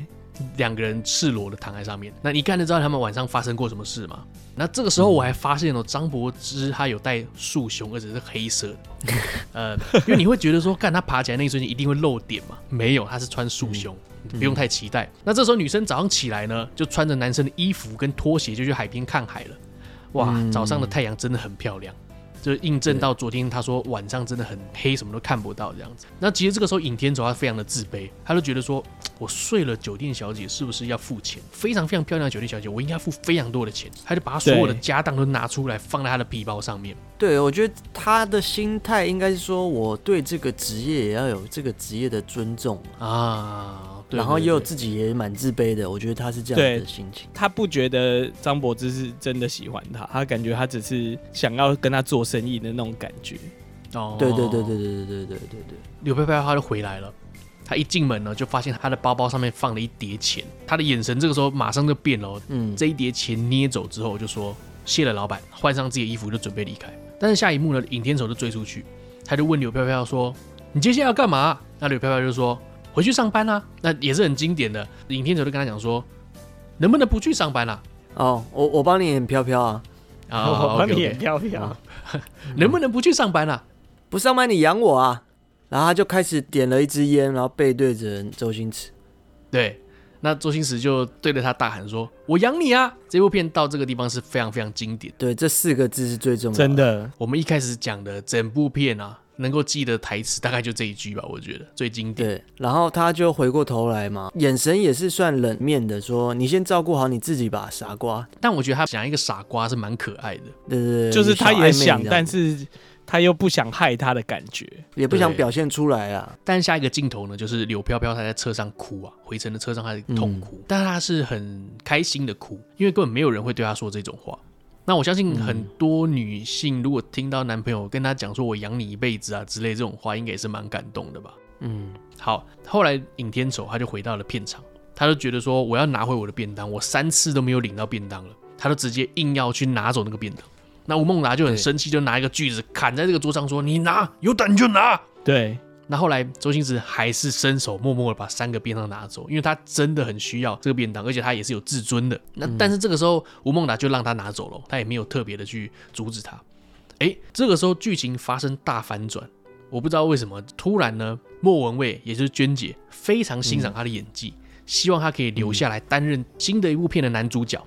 [SPEAKER 2] 兩個人赤裸的躺在上面，那你看得知道他們晚上發生過什麼事嗎？那這個時候我還發現了張柏芝，她、嗯、有戴束胸，而且是黑色的。 呃，因為你會覺得說， 看她爬起來那一瞬間一定會露點嘛？嗯、沒有，她是穿束胸、嗯，不用太期待、嗯。那這時候女生早上起來呢，就穿着男生的衣服跟拖鞋就去海邊看海了。哇，嗯、早上的太陽真的很漂亮。就印證到昨天，他說晚上真的很黑，什麼都看不到這樣子。那其實這個時候，尹天仇他非常的自卑，他就覺得說，我睡了酒店小姐，是不是要付錢？非常非常漂亮的酒店小姐，我應該付非常多的錢。他就把他所有的家當都拿出來，放在他的皮包上面。
[SPEAKER 3] 對，我覺得他的心態應該是說，我對這個職業也要有這個職業的尊重啊。然後也有自己也蠻自卑的，對對對，我覺得他是這樣的心情。他不覺得張柏芝是真的喜歡他，
[SPEAKER 1] 他感覺他只是想要跟他做生意的那種感覺。哦，對對對
[SPEAKER 3] 對對對對對對對。
[SPEAKER 2] 柳飄飄他就回來了，他一進門呢，就發現他的包包上面放了一疊錢，他的眼神這個時候馬上就變了。嗯，這一疊錢捏走之後，就說謝了老闆，換上自己的衣服就準備離開。但是下一幕呢，尹天仇就追出去，他就問柳飄飄說：“你接下來要幹嘛？”那柳飄飄就說。回去上班啊？那也是很經典的。尹天仇就跟他講說，能不能不去上班啊？哦、oh，我我幫你演飄飄啊，
[SPEAKER 3] 啊，我幫你演飄飄，能不能不去上班啊？Mm-hmm. 不上班你養我啊？然後他就開始點了一支菸，然後背對着周星馳。對，
[SPEAKER 2] 那周星馳就對着他大喊說：“我養你啊！”這部片到這個地方是非常非常經典的。對，這
[SPEAKER 3] 四個字是最重要的。真的，我們一開始講的整部
[SPEAKER 2] 片啊。能夠記得台詞大概就這一句吧，我覺得最經典。對，
[SPEAKER 3] 然後他就回過頭來嘛，眼神也是算冷面的，說：“你先照顧好你自己吧，傻瓜。”但我覺得他想一個傻瓜是蠻
[SPEAKER 2] 可愛的。對對對，就是他也想，但
[SPEAKER 1] 是他又不想害他的感覺，也不想
[SPEAKER 2] 表現出來啊。但下一個鏡頭呢，就是柳飄飄他在車上哭啊，回程的車上他痛哭，嗯，但是他是很開心的哭，因為根本沒有人會對他說這種話。那我相信很多女性，如果聽到男朋友跟她講說“我養你一輩子啊”之類這種話，應該也是蠻感動的吧？嗯，好。後來尹天仇他就回到了片場，他就覺得說我要拿回我的便當，我三次都沒有領到便當了，他就直接硬要去拿走那個便當。那吳孟達就很生氣，就拿一個鋸子砍在這個桌上說：“你拿，有膽就拿。”對。那後來，周星馳還是伸手默默的把三個便當拿走，因為他真的很需要這個便當，而且他也是有自尊的。那但是這個時候，吳、嗯、孟達就讓他拿走了，他也沒有特別的去阻止他。哎、欸，這個時候劇情發生大反轉，我不知道為什麼，突然呢，莫文蔚也就是娟姐非常欣賞他的演技、嗯，希望他可以留下來擔任新的一部片的男主角。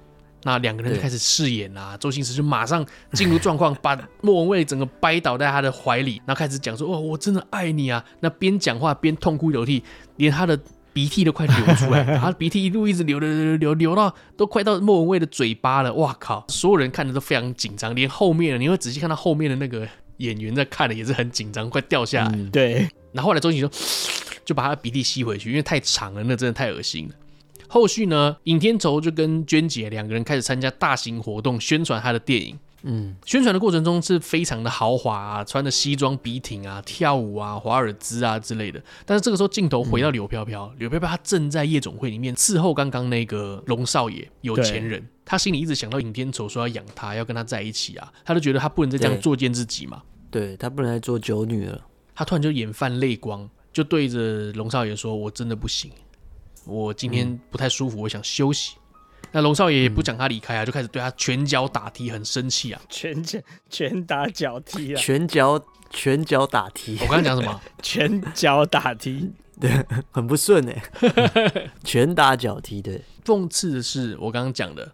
[SPEAKER 2] 那兩個人就開始飾演啦、啊，周星馳就馬上進入狀況，把莫文蔚整個掰倒在他的懷裡， 然後開始講說：“哇，我真的愛你啊！”那邊講話邊痛哭流涕，連他的鼻涕都快流出來， 他鼻涕一路一直流流流流，流，流，流到都快到莫文蔚的嘴巴了。哇靠！所有人看着都非常緊張，連後面的你會仔細看到後面的那個演員在看的也是很緊張，快掉下來、嗯。對。然後後來周星馳就就把他的鼻涕吸回去，因為太長了，那真的太噁心了。後續呢，尹天仇就跟娟姐兩個人開始參加大型活動，宣傳他的電影。嗯，宣傳的過程中是非常的豪華啊，穿的西裝筆挺啊，跳舞啊，華爾茲啊之類的。但是這個時候鏡頭回到柳飄飄，嗯，柳飄飄他正在夜總會裡面伺候剛剛那個龍少爺，有錢人。他心裡一直想到尹天仇說要養他，要跟他在一起啊，他就覺得他不
[SPEAKER 3] 能再這樣作踐自己嘛。對，對他不能再做酒女了。
[SPEAKER 2] 他突然就眼泛淚光，就對着龍少爺說：“我真的不行。”我今天不太舒服，嗯、我想休息。那龍少爺也不講他離開啊、嗯，就開始對他拳腳打踢，很生
[SPEAKER 1] 氣啊！拳拳拳打腳踢啊！拳腳拳腳打踢。我剛剛講什麼？拳腳打踢。對，很不順哎、欸！ 拳打
[SPEAKER 2] 腳踢。對。諷刺的是，我剛剛講的。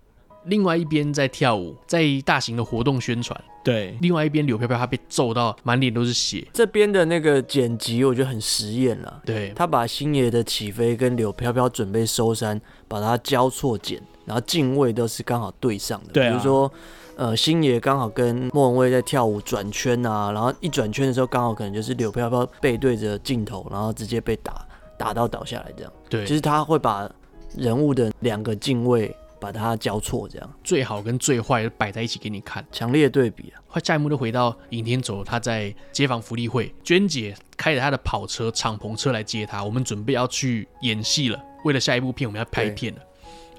[SPEAKER 2] 另外一邊在跳舞，在大型的活動宣傳。對，另外一邊柳飄飄他被揍到滿臉都是血。
[SPEAKER 3] 這邊的那個剪輯我覺得很實驗了。對，他把星爺的起飛跟柳飄飄準備收山，把它交錯剪，然後鏡位都是剛好對上的。對啊，比如說，呃，星爺剛好跟莫文蔚在跳舞轉圈啊，然後一轉圈的時候剛好可能就是柳飄飄背對着鏡頭，然後直接被打打到倒下來這樣。對，其實他會把人物的兩個鏡位。把它交錯這樣，最好跟最壞擺在一起給你
[SPEAKER 2] 看，強烈的對比快、啊，下一幕就回到尹天仇，他在街坊福利會，娟姐開着他的跑車、敞篷車來接他，我們準備要去演戲了。為了下一部片，我們要拍片了。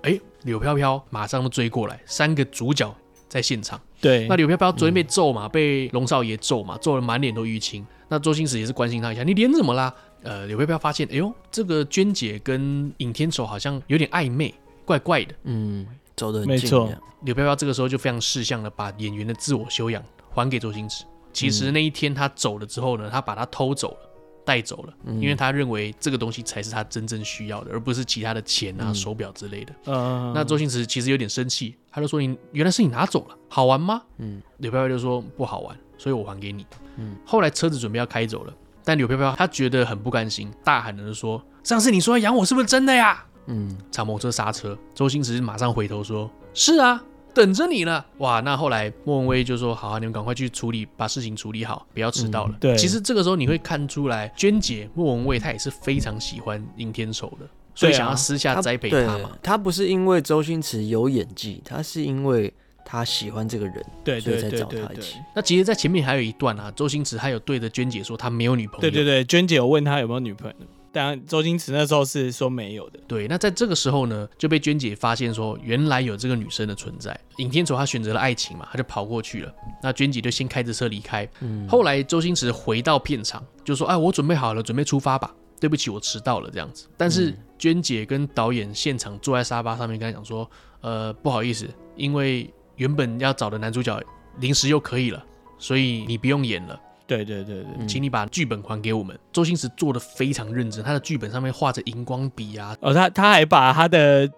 [SPEAKER 2] 哎、欸，柳飄飄馬上都追過來，三個主角在現場。
[SPEAKER 1] 對，那柳飄
[SPEAKER 2] 飄昨天被揍嘛，嗯、被龍少爺揍嘛，揍得滿臉都淤青。那周星馳也是關心他一下，你臉怎麼啦？呃，柳飄飄發現，哎呦，這個娟姐跟尹天仇好像有點曖昧。怪怪的，
[SPEAKER 3] 嗯，走得很近。沒錯，
[SPEAKER 2] 柳飄飄這個時候就非常識相的把演員的自我修養還給周星馳。其實那一天他走了之後呢，嗯、他把他偷走了，帶走了、嗯，因為他認為這個東西才是他真正需要的，而不是其他的錢啊、嗯、手表之類的。嗯，那周星馳其實有點生氣，他就說你：“你原來是你拿走了，好玩嗎？”嗯，柳飄飄就說：“不好玩，所以我還給你。”嗯，後來車子準備要開走了，但柳飄飄他覺得很不甘心，大喊着說：“上次你說要養我，是不是真的呀？”嗯，敞篷車剎車，周星馳馬上回頭說：“是啊，等着你呢。”哇，那後來莫文蔚就說：“好啊，你們趕快去處理，把事情處理好，不要遲到了。嗯”對，其實這個時候你會看出來，娟姐、莫文蔚她也是非常喜歡尹天仇的，所以想要私下栽培他嘛。對啊、他，對
[SPEAKER 3] 他不是因為周星馳有演技，他是因為他喜歡這個人，對，對，才找他一起。
[SPEAKER 2] 那其實，在前面還有一段啊，周星馳還有對着娟姐說他沒有女朋友。對對對，對，娟姐，我問他有沒有女朋友。像周星馳那時候是說沒有的，對。那在這個時候呢，就被娟姐發現說原來有這個女生的存在。尹天仇他選擇了愛情嘛，他就跑過去了。那娟姐就先開着車離開。嗯。後來周星馳回到片場就說：“哎、啊，我準備好了，準備出發吧。對不起，我遲到了這樣子。”但是、嗯、娟姐跟導演現場坐在沙發上面跟他講說：“呃，不好意思，因為原本要找的男主角臨時又可以了，所以你不用演了。”對，對對對，請你把劇本還給我們。嗯，周星馳做的非常認真，他的劇本上面畫着熒光筆啊，哦，他他還把他
[SPEAKER 1] 的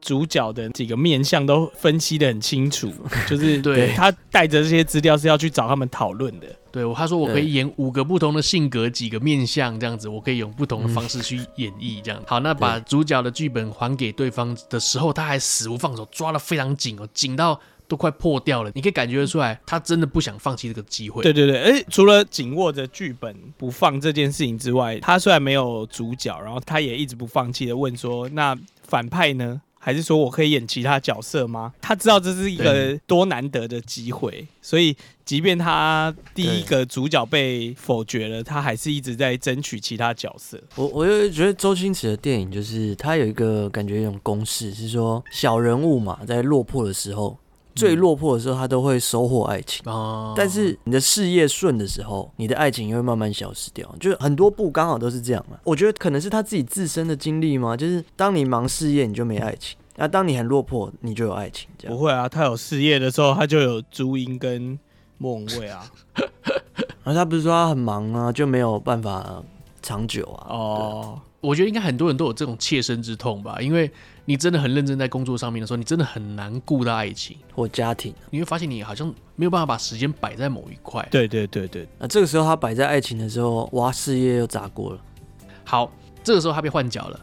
[SPEAKER 1] 主角的幾個面相都分析得很清楚， 就是對，他帶着這些資料是要去找他們討論的。對，他說，我可以演五個不同的性格，幾
[SPEAKER 2] 個面相這樣子，我可以用不同的方式去演繹這樣子。好，那把主角的劇本還給對方的時候，他還死不放手，抓得非常緊哦、喔，緊到。都快破掉了，你可以感覺得出來，他真的不想放棄這個機會。對對對，
[SPEAKER 1] 哎、欸，除了緊握着劇本不放這件事情之外，他雖然沒有主角，然後他也一直不放棄的問說：“那反派呢？還是說我可以演其他角色嗎？”他知道這是一個多難得的機會，對對。所以即便他第一個主角被否決了，他還是一直在爭取其他角色。
[SPEAKER 3] 我我就覺得周星馳的電影就是他有一個感覺，一種公式是說小人物嘛，在落魄的時候。最落魄的時候，他都會收穫愛情。哦，但是你的事業順的時候，你的愛情又會慢慢消失掉。就是很多部剛好都是這樣嘛、啊。我覺得可能是他自己自身的經歷嘛。就是當你忙事業，你就沒愛情；那、 啊、當你很落魄，你就有愛情。這樣
[SPEAKER 1] 不會啊，他有事業的時候，他就有朱茵跟莫文蔚啊。
[SPEAKER 3] 而、 啊、他不是說他很忙啊，就沒有辦
[SPEAKER 2] 法長久啊。哦，我覺得應該很多人都有這種切身之痛吧，因為。你真的很認真在工作上面的時候，你真的很難顧到愛情或家庭。你會發現你好像沒有辦法把時間擺在某一塊。
[SPEAKER 1] 對對對對。
[SPEAKER 2] 那、啊、這個時候他擺在愛情的時候，哇，事業又砸鍋了。好，這個時候他被換角了，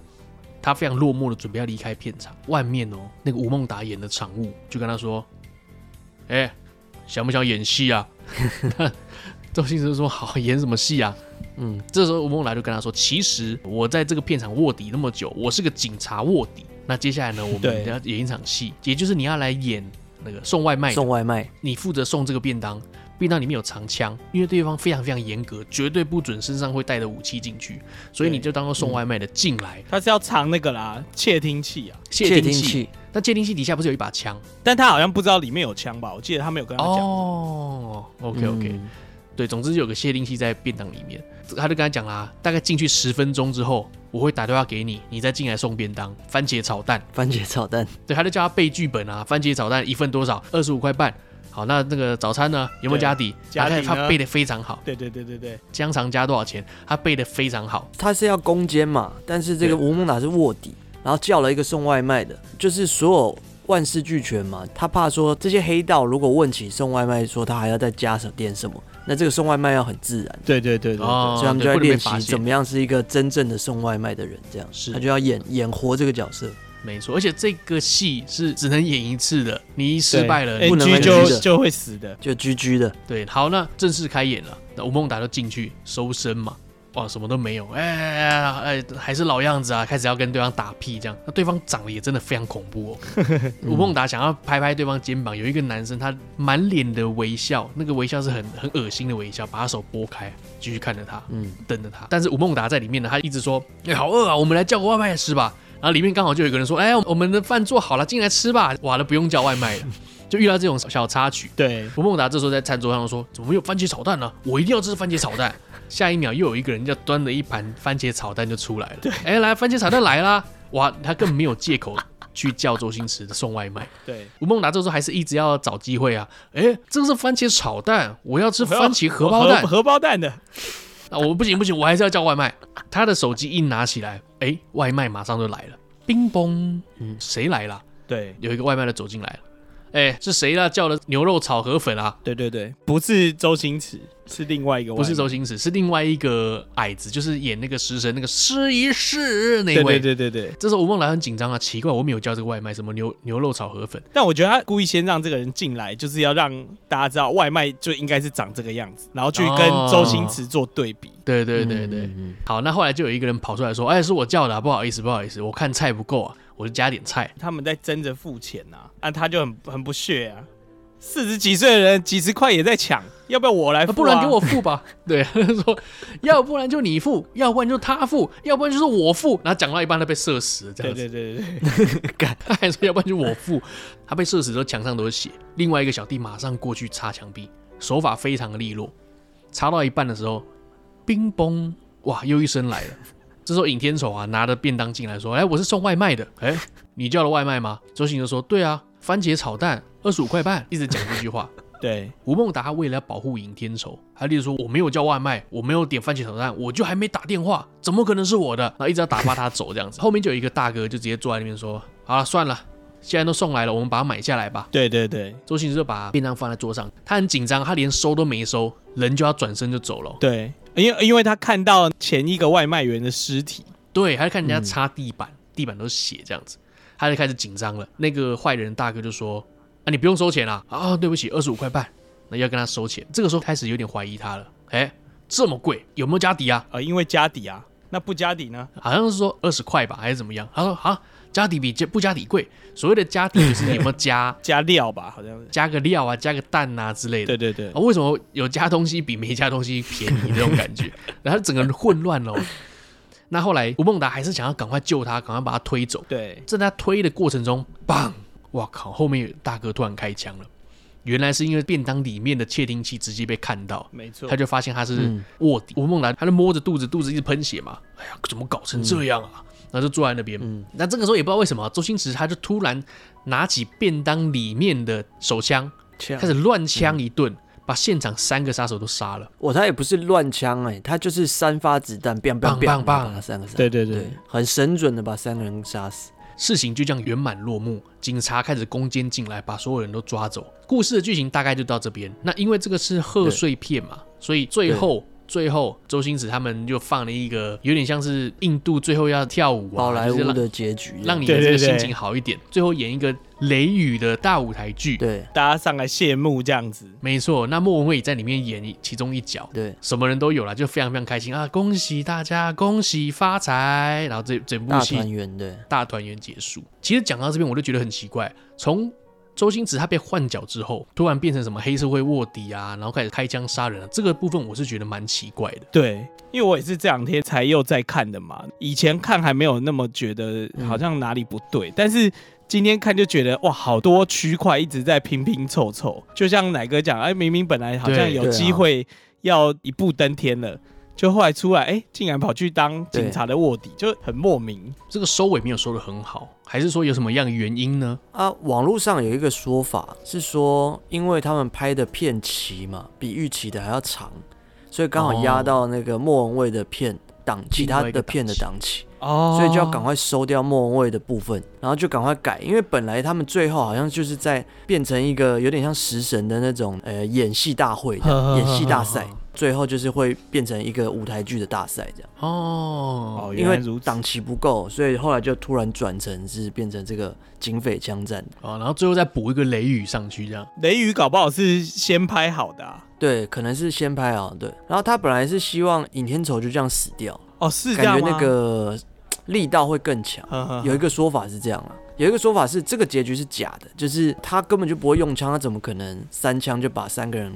[SPEAKER 2] 他非常落寞的準備要離開片場。外面哦、喔，那個吳孟達演的場務就跟他說：“哎、欸，想不想演戲啊？” 周星馳說：“好，演什麼戲啊？”嗯，這個、時候吳孟達就跟他說：“其實我在這個片場臥底那麼久，我是個警察臥底。”那接下來呢？我們要演一場戲，也就是你要來演那個送外賣。送外賣，你負責送這個便當，便當裡面有長槍，因為對方非常非常嚴格，絕對不准身上會
[SPEAKER 1] 帶着武器進去，所以你就當做送外賣的進來、嗯。他是要藏那個啦，竊聽器啊，竊聽器。那竊聽器底下不是有一把槍？但他好像不知道裡面有槍吧？我記得他沒有跟他講。哦、
[SPEAKER 2] oh，OK OK，、嗯、對，總之有個竊聽器在便當裡面，他就跟他講啦，大概進去十分鐘之後。我會打電話給你，你再進來送便當，番茄炒蛋，番茄炒蛋，對，他就叫他背劇本啊，番茄炒蛋一份多少，二十五塊半，好，那那個早餐呢，有沒有加底？加底，他背得非常好，對對
[SPEAKER 1] 對對對，
[SPEAKER 2] 香腸加多少錢？
[SPEAKER 3] 他背得非常好，他是要攻堅嘛，但是這個吳孟達是臥底，然後叫了一個送外賣的，就是所有萬事俱全嘛，他怕說這些黑道如果問起送外賣，說他還要再加什麼點什麼。那這個送外賣要很自然，對對對對，對，哦、所以他們就要練習怎麼樣是一個真正的送外賣的人，這樣，是。他就要演演活這個角色，
[SPEAKER 2] 沒錯。而且這個戲是只能演一次的，你一失敗了，A G 就就會死的，就 G G 的。對，好，那正式開演了，那吳孟達就進去搜身嘛。哇，什麼都沒有，哎哎哎，還是老樣子啊，開始要跟對方打屁這樣。那對方長得也真的非常恐怖哦。
[SPEAKER 1] 吳孟
[SPEAKER 2] 達想要拍拍對方肩膀，有一個男生他滿臉的微笑，那個微笑是很很噁心的微笑。把他手撥開，繼續看着他，嗯，瞪着他。但是吳孟達在裡面呢，他一直說，哎、欸，好餓啊，我們來叫個外賣吃吧。然後裡面剛好就有一個人說，哎、欸，我們的飯做好了，進來吃吧。哇，都不用叫外賣了，就遇到這種小，小插曲。對，吳孟達這時候在餐桌上說，怎麼沒有番茄炒蛋呢、啊？我一定要吃番茄炒蛋。下一秒又有一個人，就端了一盤番茄炒蛋就出來了。哎、欸，來番茄炒蛋來啦！哇，他更沒有借口去叫周星馳的送外賣。對，吳孟達這時候還是一直要找機會啊。哎、欸，這個是番茄炒蛋，我要吃番茄荷包蛋。荷包蛋的啊，我不行不行，我還是要叫外賣。他的手機一拿起來，哎、欸，外賣馬上就來了。冰崩，嗯、呃，誰來啦？對，有一個外賣的走進來了。哎、欸，是誰啦、啊？叫了牛肉炒河粉啊？對對對，
[SPEAKER 1] 不是周星馳，是另外一個外賣，不是周
[SPEAKER 2] 星馳，是另外一個矮子，就是演那個食神那個試一
[SPEAKER 1] 試，那個詩詩那對,對對
[SPEAKER 2] 對對對，這時候吳孟達很緊張啊，奇怪我沒有叫這個外賣，什麼牛牛肉炒河粉，
[SPEAKER 1] 但我覺得他故意先讓這個人進來，就是要讓大家知道外賣就應該是長這個樣子，然後去跟
[SPEAKER 2] 周星馳做對比。哦、對對對對,對嗯嗯嗯，好，那後來就有一個人跑出來說，哎，是我叫的、啊，不好意思不好意思，我看菜不夠啊。我就加
[SPEAKER 1] 點菜，他們在爭着付錢吶、啊，那、啊、他就很很不屑啊，四十幾歲的人幾十塊也在搶，要不要我來付、啊啊、不然給我付吧。 對，他就說，要不然就
[SPEAKER 2] 你付，要不然就他付，要不然就是我付。然後講到一半，他被射死，這樣子。對對對對， 還說要不然就我付，他被射死的時候，牆上都是血。另外一個小弟馬上過去擦牆壁，手法非常的利落，擦到一半的時候，冰崩哇，又一聲來了。 這時候尹天仇啊拿着便當進來說：“哎，我是送外賣的。哎，你叫了外賣嗎？”周星馳說：“對啊，番茄炒蛋，二十五塊半。”一直講這句話。對，吳孟達他為了要保護尹天仇，還例如說：“我沒有叫外賣，我沒有點番茄炒蛋，我就還沒打電話，怎麼可能是我的？”然後一直要打發他走這樣子。後面就有一個大哥就直接坐在那邊說：“好了，算了，既然都送來了，我們把它買下來吧。”對對對，周星馳就把便當放在桌上，他很緊張，他連收都沒收，人就要轉身就走了哦。對。因為因為他看到前一個外賣員的屍體，對，他就看人家擦地板，嗯，地板都是血這樣子，他就開始緊張了。那個壞人大哥就說：“啊，你不用收錢了啊，啊，對不起，二十五塊半。”那要跟他收錢，這個時候開始有點懷疑他了。哎，這麼貴，有沒有加底啊？啊、呃，因為加底啊，那不加底呢？好像是說二十塊吧，還是怎麼樣？他說啊。加底比不加底貴，所謂的加底就是你有沒有加加料吧，好像加個料啊，加個蛋啊之類的。對對對、啊。為什麼有加東西比沒加東西便宜那種感覺？ 然後整個人混亂咯、哦。 那後來吳孟達還是想要趕快救他，趕快把他推走。對。正在他推的過程中，bang！我靠，後面有大哥突然開槍了。原來是因為便當裡面的竊聽器直接被看到，沒錯。他就發現他是臥底吳、嗯、孟達，他就摸着肚子，肚子一直噴血嘛。哎呀，怎麼搞成這樣啊？嗯然後就坐在那邊。嗯。那這個時候也不知道為什麼，周星馳他就突然拿起便當裡面的手槍，開始亂槍
[SPEAKER 3] 一頓、嗯，把現場三個殺手都殺了。我他也不是亂槍哎，他就是三發子彈，棒棒砰，三個殺。對對對，對，對，很神準的把三個人殺死。事情就
[SPEAKER 2] 這樣圓滿落幕，警察開始攻堅進來，把所有人都抓走。嗯、故事的劇情大概就到這邊。那因為這個是賀歲片嘛，所以最後。最後，周星馳他們就放了一個有點像是印度最後要跳舞啊，好萊塢的結局，讓你的這個心情好一點。最後演一個雷雨的大舞台劇，對，大家上來謝幕這樣子。沒錯，那莫文蔚也在裡面演其中一角，對，什麼人都有了，就非常非常開心啊！恭喜大家，恭喜發財！然後這整部戲大團圓的，大團圓結束。其實講到這邊，我就覺得很奇怪，從周星馳他被換角之後，突然變成什麼黑社
[SPEAKER 1] 會臥底啊，然後開始開槍殺人啊，這個部分我是覺得蠻奇怪的。對，因為我也是這兩天才又在看的嘛，以前看還沒有那麼覺得好像哪裡不對，嗯，但是今天看就覺得哇，好多區塊一直在拼拼湊湊，就像乃哥講，哎，明明本來好像有機會要一步登天了。就後來出來，哎、欸，竟然跑去當警察的臥底，就很莫名。這個收尾沒有收得很好，還是說
[SPEAKER 3] 有什麼樣的原因呢？啊，網絡上有一個說法是說，因為他們拍的片期嘛，比預期的還要長，所以剛好壓到那個莫文蔚的片檔、哦，其他的片的檔期、期，哦，所以就要趕快收掉莫文蔚的部分，然後就趕快改，因為本來他們最後好像就是在變成一個有點像食神的那種，呃，演戲大會的演戲大賽。呵呵最後就是會變成一個舞台劇的大賽這
[SPEAKER 1] 樣哦，原來如此。因為
[SPEAKER 3] 檔期不夠，所以後來就突然轉成是變成這個警匪槍戰哦，然後最後再補一個雷雨上去這樣。
[SPEAKER 1] 雷雨搞不好是先拍好的啊，
[SPEAKER 3] 對，可能是先拍啊，對。然後他本來是希望尹天仇就這樣死掉哦，是感覺那個力道會更強。有一個說法是這樣啊，有一個說法是這個結局是假的，就是他根本就不會用槍，他怎麼可能三槍就把三個人？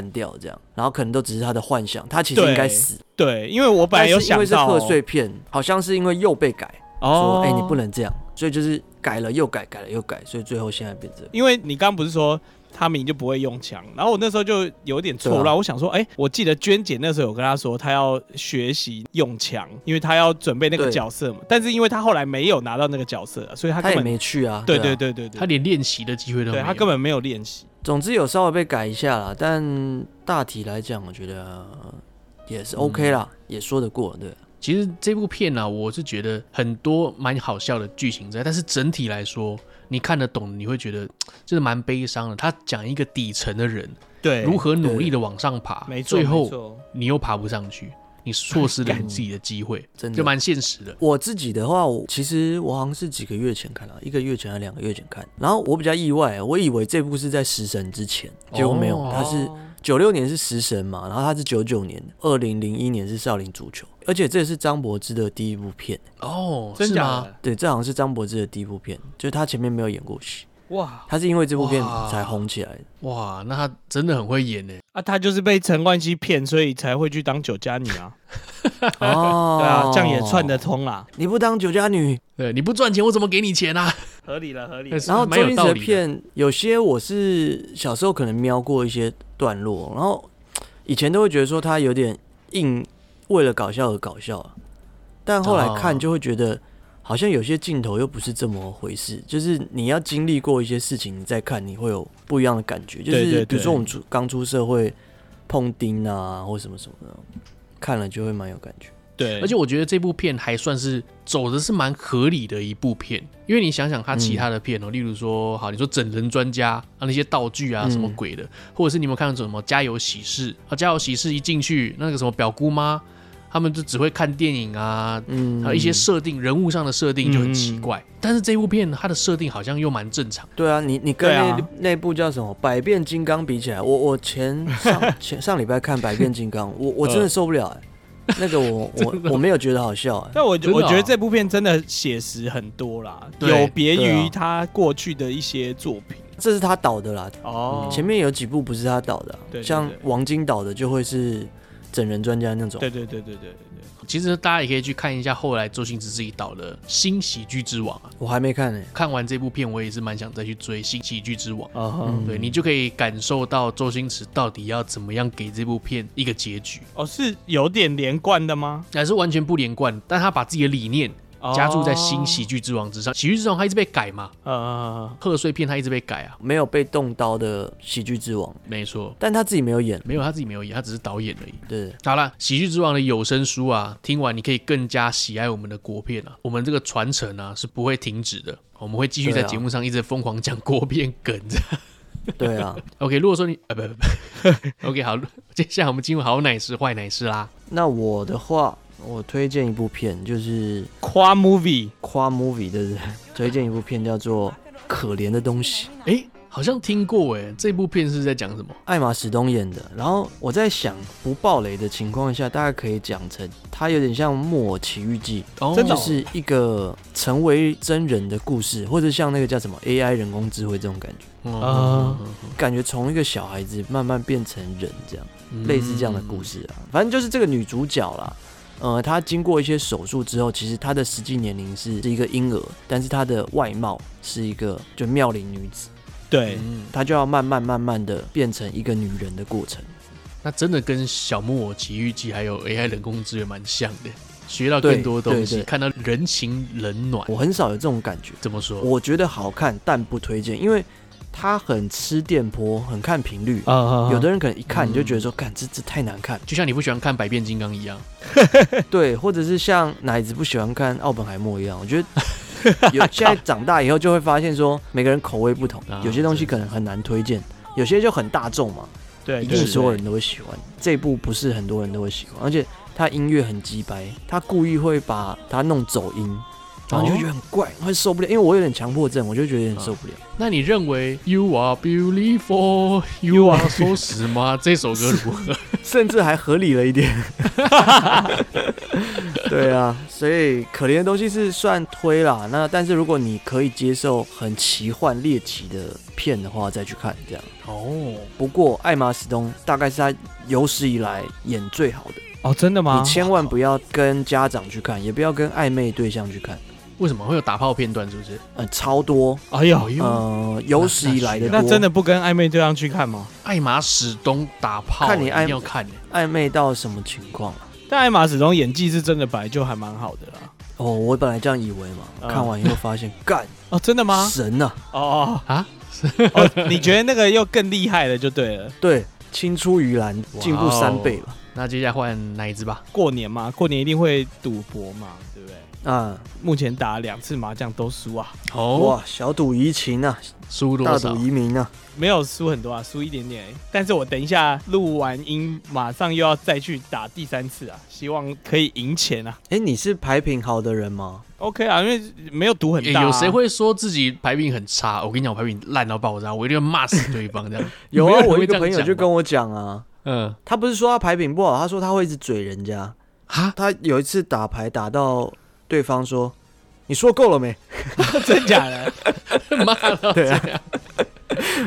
[SPEAKER 3] 幹掉這樣，然後可能都只是他的幻想，他其實應該死對。對，因為我本來有想到。因為是賀歲片，好像是因為又被改。哦。說哎、欸，你不能這樣，所以就是改了又改，改了又改，所以最後現在變成。因為你剛剛不是說他明就不會用槍，
[SPEAKER 1] 然後我那時候就有點錯亂、啊。我想說，哎、欸，我記得娟姐那時候有跟他說，他要學習用槍，因為他要準備那個角色嘛。但是因為他後來沒有拿到那個角色，所以他根本他沒去
[SPEAKER 3] 啊。對，啊對，對，對，對，對對對對對，他
[SPEAKER 1] 連練習的機會都沒有對。他根本沒有練習。
[SPEAKER 3] 總之有稍微被改一下啦，但大體來講，我覺得也是 OK 啦、嗯，也說得
[SPEAKER 2] 過。對，其實這部片呢、啊，我是覺得很多蠻好笑的劇情在，但是整體來說，你看得懂，你會覺得就是蠻悲傷的。他講一個底層的人，對，如何努力的往上爬，沒錯，最後你又爬不上去。你錯失了你自己的機會， 真的就蠻
[SPEAKER 3] 現實的。我自己的話我，其實我好像是幾個月前看了，啊，一個月前還是兩個月前看。然後我比較意外，我以為這部是在食神之前，結果沒有，oh, 它是九六年是食神嘛，然後它是九九年，二零零一年是少林足球，而且這也是張柏芝的第一部片哦，真
[SPEAKER 2] ，oh, 的嗎？
[SPEAKER 3] 對，這好像是張柏芝的第一部片，就是他前面沒有演過戲。哇，他是因為這部片才紅起來的。哇，
[SPEAKER 2] 那
[SPEAKER 1] 他真的很會演哎、欸！啊，他就是被陳冠希騙，所以才會去當酒家女啊。 哦， 對啊，這樣也串得通啦。你不當酒家女，對，你不賺錢，我怎麼給你錢啊？ 合理了，合理、欸。然後周星馳的片，
[SPEAKER 3] 有些我是小時候可能瞄過一些段落，然後以前都會覺得說他有點硬，為了搞笑而搞笑，但後來看就會覺得。哦好像有些鏡頭又不是這麼回事，就是你要經歷過一些事情，你再看你會有不一樣的感覺。就是比如說我們出剛出社會碰釘啊，或什麼什麼的，看了就會蠻有感覺。
[SPEAKER 2] 對，而且我覺得這部片還算是走的是蠻合理的一部片，因為你想想他其他的片哦、喔嗯，例如說，好，你說整人專家啊，那些道具啊，什麼鬼的、嗯，或者是你有沒有看到什麼《家有喜事》？啊，《家有喜事》一進去那個什麼表姑媽。他們就只會看電影啊，嗯，還有一些設定、嗯、人物上的設定就很奇怪、嗯，但是這部片它的設定好像又蠻正常。
[SPEAKER 3] 對啊，你你跟那、啊、那部叫什麼《百變金剛》比起來，我我前上 前上禮拜看《百變金剛》 我，我我真的受不了哎、欸， 那個我我 我沒有覺得好笑、欸，但我、啊、我覺得這
[SPEAKER 1] 部片真的寫實很多啦，有別於他
[SPEAKER 3] 過去的一些作品。啊、這是他導的啦，哦、嗯，前面有幾部不是他導的、啊對對對，像王晶導的就會是。整人專家那種，對對
[SPEAKER 1] 對，對對
[SPEAKER 2] 對對對對。其實大家也可以去看一下後來周星馳自己導的《新喜劇之王》啊，
[SPEAKER 3] 我還沒看呢、欸。
[SPEAKER 2] 看完這部片，我也是蠻想再去追《新喜劇之王》啊、Uh-huh. 嗯。對，你就可以感受到周星馳到底要怎麼樣給這部片一個結局。
[SPEAKER 1] 哦、Oh，是有點連貫的嗎？
[SPEAKER 2] 還是完全不連貫？但他把自己的理念。家住在新喜劇之王之上，喜劇之王他一直被改嘛？嗯，賀歲片他一直被改啊，沒有被動刀的喜劇之王，沒錯。但他自己沒有演，沒有，他自己沒有演，他只是導演而已。對，好了，喜劇之王的有聲書啊，聽完你可以更加喜愛我們的國片啊，我們這個傳承啊是不會停止的，我們會繼續在節目上一直瘋狂講國片梗着。對啊， 對啊，OK，如果說你，呃、不不不 ，OK，好，接下來我們進入好奶師壞奶師啦。
[SPEAKER 3] 那我的話。我推薦一部片，就是誇 movie 誇 movie 對不對？推薦一部片叫做《可憐的東西》欸。哎，好像聽過哎、欸。這部片是在講什麼？艾瑪史東演的。然後我在想，不暴雷的情況下，大家可以講成它有點像《木偶奇遇記》哦，真、就、的是一個成為真人的故事，或者像那個叫什麼 AI 人工智慧這種感覺。啊、嗯嗯嗯嗯嗯嗯，感覺從一個小孩子慢慢變成人，這樣、嗯、類似這樣的故事啊。反正就是這個女主角啦。呃，她經過一些手術之後，其實她的實際年齡是一個嬰兒，但是她的外貌是一個就妙齡女子。對，她、嗯、就要慢慢慢慢的變成一個女人的過程。那真的跟《
[SPEAKER 2] 小木偶奇遇記》還有 AI 人工智能蠻像的，
[SPEAKER 3] 學到更多東西對對，看到人情冷暖。我很少有這種感覺。怎麼說？我覺得好看，但不推薦，因為。他很吃電波，很看頻率。Uh, uh, uh, uh. 有的人可能一看你就覺得說，看、mm -hmm. 這這太難看，就像你不喜歡看《百變金剛》一樣， 對，或者是像奶子不喜歡看《奧本海默》一樣。我覺得有現在長大以後就會發現說，每個人口味不同、 啊，有些東西可能很難推薦，有些就很大眾嘛。對，一定所有人都會喜歡。對對對。這一部不是很多人都會喜歡，而且他音樂很雞掰，他故意會把他弄走音。然後就覺得很怪，哦、會受不了，因為我有點強迫症，我就覺得有點受不了、啊。
[SPEAKER 2] 那你認為《You Are Beautiful》《You Are 》說
[SPEAKER 3] 實嗎？這首歌如何？甚至還合理了一點。 對啊，所以可憐的東西是算推啦。那但是如果你可以接受很奇幻獵奇的片的話，再去看這樣。
[SPEAKER 2] 哦。
[SPEAKER 3] 不過艾瑪·史東大概是他有史以來演最好的。哦，真的嗎？你千萬不要跟家長去看，也不要跟曖昧對象去看。
[SPEAKER 2] 為什麼會有打炮片段？是不是、呃？超
[SPEAKER 1] 多，哎呀、哎，呃，
[SPEAKER 3] 有史以來的多，那真
[SPEAKER 1] 的不跟曖昧對象去看嗎？看艾瑪史東打炮、欸，你要看你曖昧，曖昧到什麼情況、啊？但艾瑪史東演技，是真的本來，就還蠻好的
[SPEAKER 3] 啦。哦，我本來這樣以為嘛，嗯，看完以後發現
[SPEAKER 1] 幹、呃。哦，真的嗎？神吶、啊！哦啊！ 哦，你覺得那個又更厲害了，就對了。對，
[SPEAKER 3] 青出於藍，進步三倍
[SPEAKER 1] 了。哦，那接下來換哪一支吧？過年嘛，過年一定會賭博嘛，對不對？啊、嗯，目前打兩次麻將都輸啊！哦、oh?，哇，
[SPEAKER 3] 小賭怡情啊，輸多少？大賭移民啊，
[SPEAKER 1] 沒有輸很多啊，輸一點點、欸。但是我等一下錄完音，馬上又要再去打第三次啊，希望
[SPEAKER 3] 可以贏錢啊！哎、欸，你是牌品好的人嗎
[SPEAKER 1] ？OK 啊，因為沒
[SPEAKER 3] 有賭很大、啊欸，有誰會
[SPEAKER 1] 說自
[SPEAKER 2] 己牌品很差？我跟你講，我牌品爛到爆炸，我一定要罵死對方這樣。 有啊，有樣啊，我一個朋友就
[SPEAKER 3] 跟我講啊，嗯，他不是說他牌品不好，他說他會一直嘴人家。他有一次打牌打到。對方說：“你說夠了沒？ 真假的？媽 的！對、啊、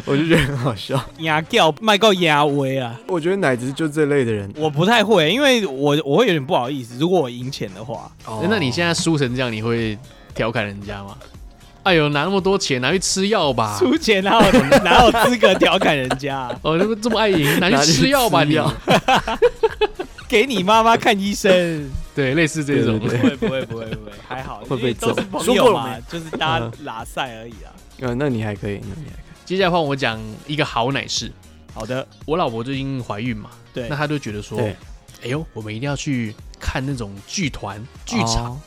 [SPEAKER 3] 我就覺得很好笑。牙掉，賣夠
[SPEAKER 1] 壓威啊！我覺得乃子就這類的人，我不太會，因為我我會有點不好意思。如果我贏錢的話，
[SPEAKER 2] 那、哦、你現在輸成這樣，你會調侃人家
[SPEAKER 1] 嗎？哎呦，拿
[SPEAKER 2] 那麼多錢，拿去吃藥吧！輸
[SPEAKER 1] 錢哪有哪有資
[SPEAKER 2] 格調侃人家？我、 哦、這麼這麼愛贏，拿去吃藥吧你！
[SPEAKER 1] 給你媽媽看醫生。”對，類似這種，對對對對不會，不會，不會，不會，還好，會不會走因為，都是朋友嘛，就是大家喇賽而已
[SPEAKER 2] 啊。嗯，那你還可以，那你還可以。接下來換我講一個好奶事。好的，我老婆最近懷孕嘛，對，那她就覺得說，哎呦，我們一定要去看那種劇團劇場。Oh.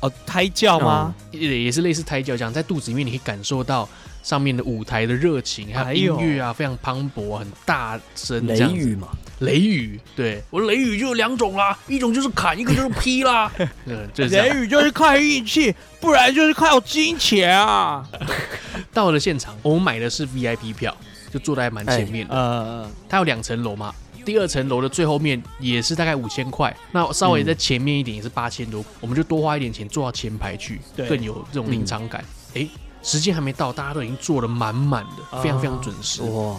[SPEAKER 2] 哦，胎教嗎？也、嗯、也是類似胎教，這樣在肚子裡面，你可以感受到上面的舞台的熱情，還有，還有音樂啊，非常磅礴，很大聲，這樣子。雷雨嘛。雷雨，對我雷雨就有兩種啦、啊，一種就是砍，一個就是劈啦、 嗯就是這。雷雨就是靠運氣，不然就是靠金錢啊。 到了現場，我們買的是 VIP 票，就坐在蠻前面的。嗯嗯嗯。它有兩層樓嘛。第二層樓的最後面也是大概五千塊，那稍微在前面一點也是八千多、嗯，我們就多花一點錢坐到前排去，更有這種臨場感。哎、嗯欸，時間還沒到，大家都已經坐的滿滿的，非、啊、常非常準時。哇，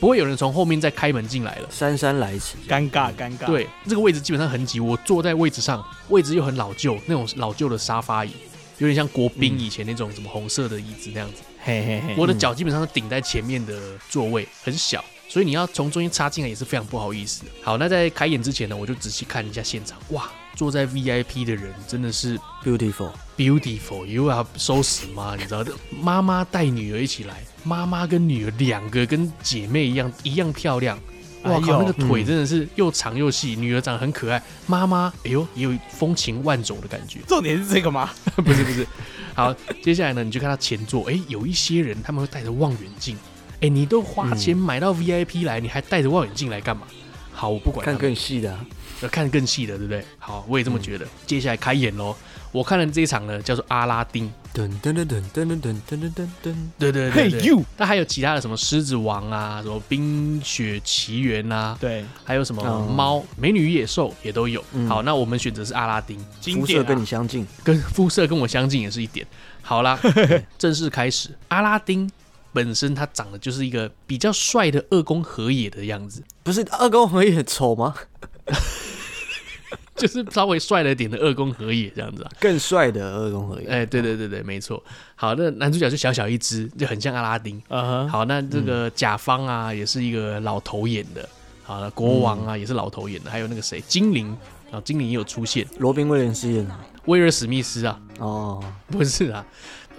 [SPEAKER 2] 不會有人從後面再開門進來了，姍姍來遲，尷尬尷尬、嗯。對，這個位置基本上很擠，我坐在位置上，位置又很老舊，那種老舊的沙發椅，有點像國賓以前那種什、嗯、麼紅色的椅子那樣子。嘿嘿
[SPEAKER 1] 嘿，我的
[SPEAKER 2] 腳基本上是頂在前面的座位，很小。所以你要從中間插進來也是非常不好意思。好，那在開演之前呢，我就仔細看一下現場。哇，坐在 VIP 的人真的是 beautiful，beautiful，you are so smart。你知道的，媽媽帶女兒一起來，媽媽跟女兒兩個跟姐妹一樣，一樣漂亮。哇靠，那個腿真的是又長又細、哎嗯，女兒長得很可愛，媽媽，哎呦，也有風情萬種的感覺。重點是這個嗎？ 不是不是。好， 接下來呢，你就看她前座，哎、欸，有一些人他們會戴着望遠鏡。哎、欸，你都花錢買到 VIP 來，嗯、你還帶着望遠鏡來幹嘛？好，我不管。看更細的、啊，要看更細的，對不對？好，我也這麼覺得。嗯、接下來開演嘍！我看了這一場呢，叫做《阿拉丁》。噔噔噔噔，噔噔噔噔噔噔噔噔噔噔，對對對，嘿 you 那還有其他的什麼《獅子王》啊，什麼《冰雪奇緣》啊，對，還有什麼《貓、嗯》《美女野獸》也都有。好，那我們選擇是《阿拉丁》嗯。膚、啊、色跟你相近，跟膚色跟我相近也是一點。好啦， 正式開始，《阿拉丁》。本身他長得就是一個比較帥的二宮和也的
[SPEAKER 3] 樣子，不是二宮和也醜嗎？
[SPEAKER 2] 就是稍微帥了一點的二宮和也這樣子啊，更帥的二宮和也。哎，對對對對，沒錯。好，那男主角就小小一隻，就很像阿拉丁。嗯哼。好，那這個甲方啊、嗯，也是一個老頭演的。好了，國王啊、嗯，也是老頭演的。還有那個誰，精靈啊、哦，精靈也有出現。羅賓威廉斯演的。威爾史密斯啊。哦、oh，不是啊。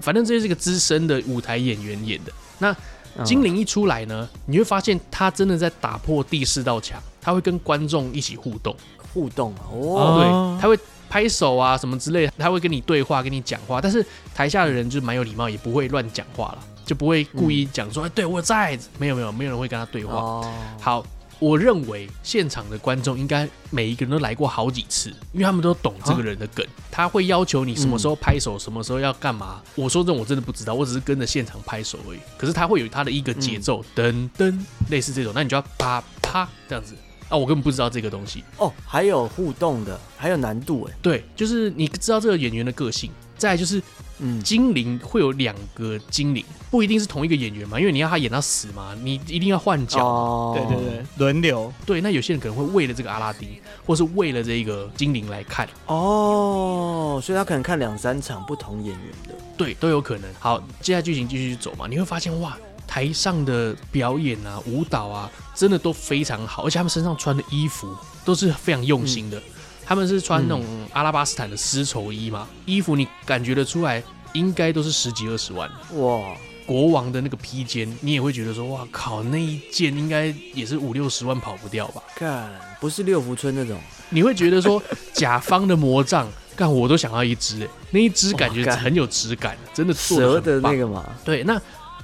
[SPEAKER 2] 反正這是一個資深的舞台演員演的。那精靈一出來呢，你會發現他真的在打破第四道牆，他會跟觀眾一起互動，互動
[SPEAKER 3] 啊！哦，對，
[SPEAKER 2] 他會拍手啊，什麼之類，他會跟你對話，跟你講話。但是台下的人就蠻有禮貌，也不會亂講話了，就不會故意講說：“哎，對我在。”沒有沒有，沒有人會跟他對話。好。我認為現場的觀眾應該每一個人都來過好幾次，因為他們都懂這個人的梗。他會要求你什麼時候拍手，嗯、什麼時候要幹嘛。我說這種我真的不知道，我只是跟着現場拍手而已。可是他會有他的一個節奏、嗯，噔噔，類似這種，那你就要啪啪這樣子。啊，我根本不知道這個東西
[SPEAKER 3] 哦。還有互動的，還有難度
[SPEAKER 2] 哎、欸。對，就是你知道這個演員的個性。再來就是，嗯，精靈會有兩個精靈，不一定是同一個演員嘛，因為你要他演到死嘛，你一定要換角，哦，對對對，輪流。對，那有些人可能會為了這個阿拉丁，或是為了這個精靈來看，哦，所以他可能看兩三場不同演員的，對，都有可能。好，接下來劇情繼續走嘛，你會發現哇，台上的表演啊、舞蹈啊，真的都非常好，而且他們身上穿的衣服都是非常用心的。嗯。他們是穿那種阿拉巴斯坦的絲綢衣嗎、嗯？衣服你感覺得出來，應該都是十幾二十萬哇！國王的那個披肩，你也會覺得說，哇靠，那一件應該也是五六十萬跑不掉吧？看，不是六福村那種，你會覺得說，甲方的魔杖，幹 我都想要一隻哎、欸，那一隻感覺很有質感，真的做的很棒。蛇的那個嘛，對，那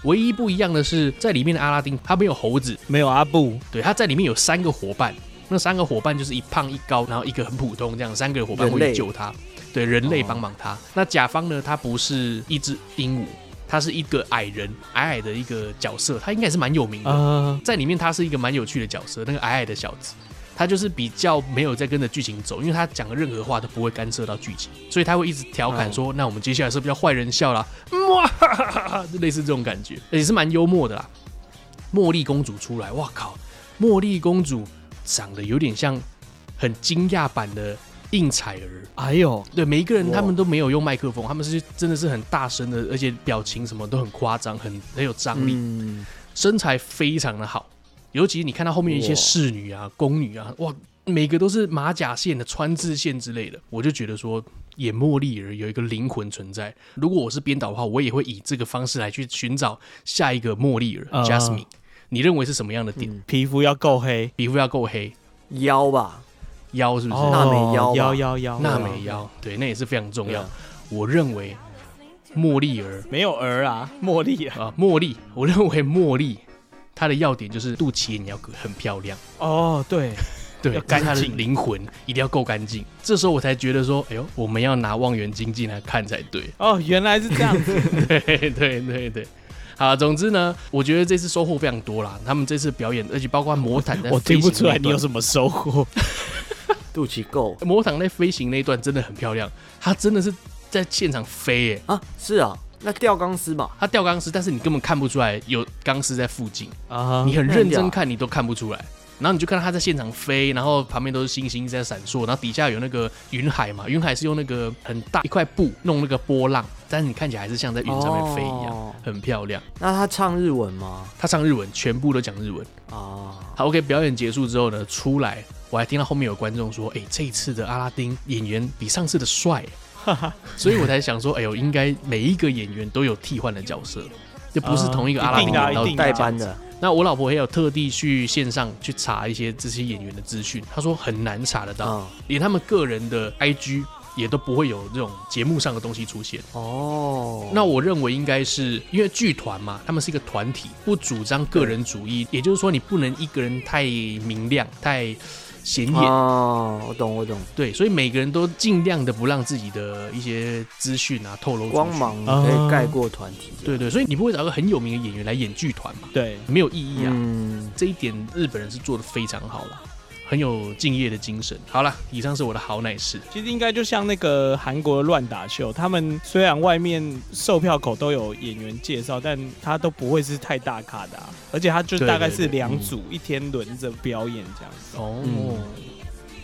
[SPEAKER 2] 唯一不一樣的是，在裡面的阿拉丁，他沒有猴子，沒有阿布，對，他在裡面有三個夥伴。那三個夥伴就是一胖一高，然後一個很普通，這樣三個夥伴會救他，對人類幫忙他。Oh. 那甲方呢？他不是一隻鸚鵡，他是一個矮人，矮矮的一個角色，他應該也是蠻有名的，uh. 在裡面他是一個蠻有趣的角色，那個矮矮的小子，他就是比較沒有在跟着劇情走，因為他講的任何話都不會干涉到劇情，所以他會一直調侃說：“ oh. 那我們接下來是不是要壞人笑了，嗯、哇哈哈哈，哈，就類似這種感覺，也是蠻幽默的啦。”茉莉公主出來，哇靠，茉莉公主。長得有點像很驚訝版的應采兒，哎呦，對，每一個人他們都沒有用麥克風，他們是真的是很大聲的，而且表情什麼都很誇張，很很有張力、嗯，身材非常的好，尤其你看到後面一些侍女啊、宮女啊，哇，每個都是馬甲線的、川字線之類的，我就覺得說演茉莉兒有一個靈魂存在。如果我是編導的話，我也會以這個方式來去尋找下一個茉莉兒，Just Me。嗯 Jasmine 你認為是什麼樣的點？皮膚要夠黑，皮膚要夠黑，腰吧，腰是不是？娜、oh, 美腰，腰腰腰，腰，娜美腰，對，那也是非常重要。Yeah. 我認為茉莉兒沒有兒啊，茉莉啊，茉莉。我認為茉莉它的要點就是肚臍你要很漂亮。
[SPEAKER 1] 哦、oh,，對， 對，要乾淨。
[SPEAKER 2] 靈魂一定要夠乾淨。 這時候我才覺得說，哎呦，我們要拿望遠鏡進來看才對。哦、oh,，原來是這樣子。對 對對。對對對好，總之呢，我覺得這次收穫非常多啦。他們這次表演，而且包括魔
[SPEAKER 1] 毯的我聽不出來你有什麼收穫？
[SPEAKER 2] 肚臍夠。魔毯那飛行那一段真的很漂亮，它真的是在現場飛耶啊！是啊，那吊鋼絲嘛，它吊鋼絲，但是你根本看不出來有鋼絲在附近啊。Uh-huh. 你很認真看，你都看不出來。然後你就看到他在現場飛，然後旁邊都是星星在閃爍，然後底下有那個雲海嘛，雲海是用那個很大一塊布弄那個波浪，但是你看起來還是像在雲上面飛一樣，oh, 很漂亮。
[SPEAKER 3] 那他唱日文嗎？
[SPEAKER 2] 他唱日文，全部都講日文。哦，oh，好，OK。表演結束之後呢，出來我還聽到後面有觀眾說，哎，欸，這一次的阿拉丁演員比上次的帥， 所以我才想說，哎呦，應該每一個演員都有替換的角色。
[SPEAKER 3] 就不是同一個阿拉丁演到代班的。
[SPEAKER 2] 那我老婆也有特地去線上去查一些這些演員的資訊，她說很難查得到，嗯、連他們個人的 IG 也都不會有這種節目上的東西出現。哦，那我認為應該是因為劇團嘛，他們是一個團體，不主張個人主義。嗯、也就是說，你不能一個人太明亮太。顯眼，哦，
[SPEAKER 3] 我懂我懂，
[SPEAKER 2] 對，所以每個人都盡量的不讓自己的一些資訊啊透露光芒，可以蓋
[SPEAKER 3] 過團體，uh, 對對，對，
[SPEAKER 2] 所以你不會找一個很有名的演員來演劇團嘛、嗯。對，沒有意義啊、嗯，這一點日本人是
[SPEAKER 1] 做的非常好了、啊。很有敬業的精神。好了，以上是我的好奶師。其實應該就像那個韓國的亂打秀，他們雖然外面售票口都有演員介紹，但他都不會是太大咖的、啊，而且他就大概是兩組一天輪着表演這樣子。對
[SPEAKER 2] 對對嗯嗯、哦、嗯，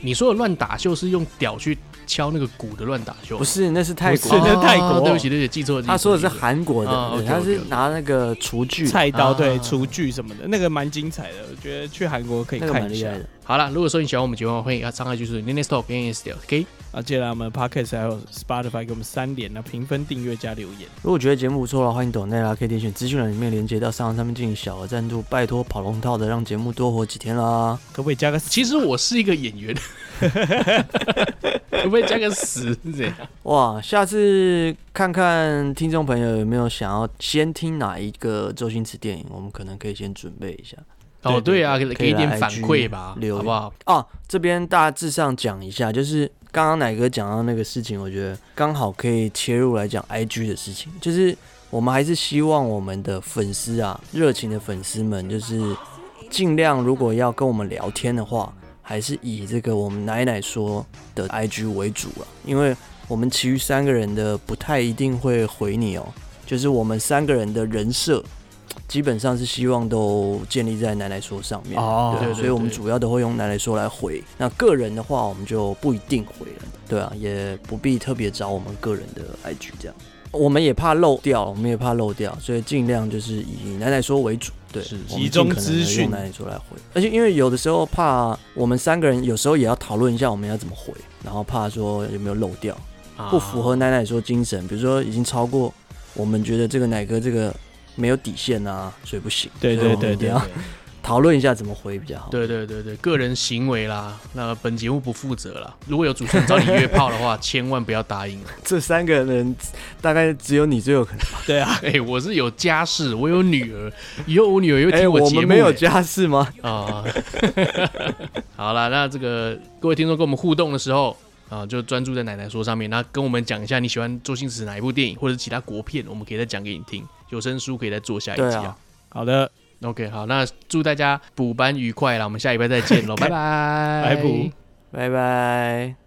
[SPEAKER 2] 你說的亂打秀是用屌去？敲那個鼓的亂打秀，不是，那是泰國，是那泰國、哦。對不起，對不起，記錯了。他說的是韓國的，他、嗯、是拿那個廚具、菜刀，對，廚具什麼的、
[SPEAKER 1] 啊，那個蠻精彩的。我覺得去韓國
[SPEAKER 3] 可以看一下。那個、蠻厲害的。
[SPEAKER 1] 好了，如果說你喜歡我們節目，歡迎要傷、那個、害就是 n i n e s talk i n e s t l l ok。啊，接下來我們 podcast 還有 Spotify 給我們三連啊，評分、訂閱加留言。
[SPEAKER 3] 如果覺得節目不錯的話，歡迎 Donate 啦，可以點選資訊欄裡面連接到 SoundOn 上面進行小額贊助，拜託跑龍套的讓節目多活幾天啦。可不可以加、那個加、那個？其實我是一個演員。 會不會加個死是這樣。哇，下次看看聽眾朋友有沒有想要先聽哪一個周星馳電影，我們可能可以先準備一下。對對對哦，對啊，可以給一點反饋吧，留言，不好？哦、啊，這邊大致上講一下，就是剛剛乃哥講到那個事情，我覺得剛好可以切入來講 IG 的事情，就是我們還是希望我們的粉絲啊，熱情的粉絲們，就是盡量如果要跟我們聊天的話。還是以這個我們奶奶說的 IG 為主啊，因為我們其餘三個人的不太一定會回你哦、喔。就是我們三個人的人設，基本上是希望都建立在奶奶說上面，對、oh. 對。所以我們主要都會用奶奶說來回。那個人的話，我們就不一定回了，對啊，也不必特別找我們個人的 IG 這樣。我們也怕漏掉，我們也怕漏掉，所以盡量就是以奶奶說為主，對，集中資訊奶奶說來回。而且因為有的時候怕我們三個人有時候也要討論一下我們要怎麼回，然後怕說有沒有漏掉，不符合奶奶說精神、啊，比如說已經超過我們覺得這個奶哥這個沒有底線啊，所以不行。對對對對，對，對，對。 討論一下怎麼回比較好。對
[SPEAKER 2] 對對對，個人行為啦，那本節目不負責了。如果有主持人找你約炮的話， 千萬不要答應。 這三個人，大概只有你最有可能吧。對啊、欸，哎，我是有家室，我有女兒，以後我女兒又聽我節目、欸欸。我們沒有家室嗎？啊， 好了，那這個各位聽眾跟我們互動的時候啊，就專注在奶奶說上面，那跟我們講一下你喜歡周星馳哪一部電影，或者是其他國片，我們可以再講給你聽。有聲書可以再做下一集啊。啊好的。OK，好，那祝大家補班愉快啦！我們下禮拜再見嘍，拜 拜、okay，拜拜。Bye bye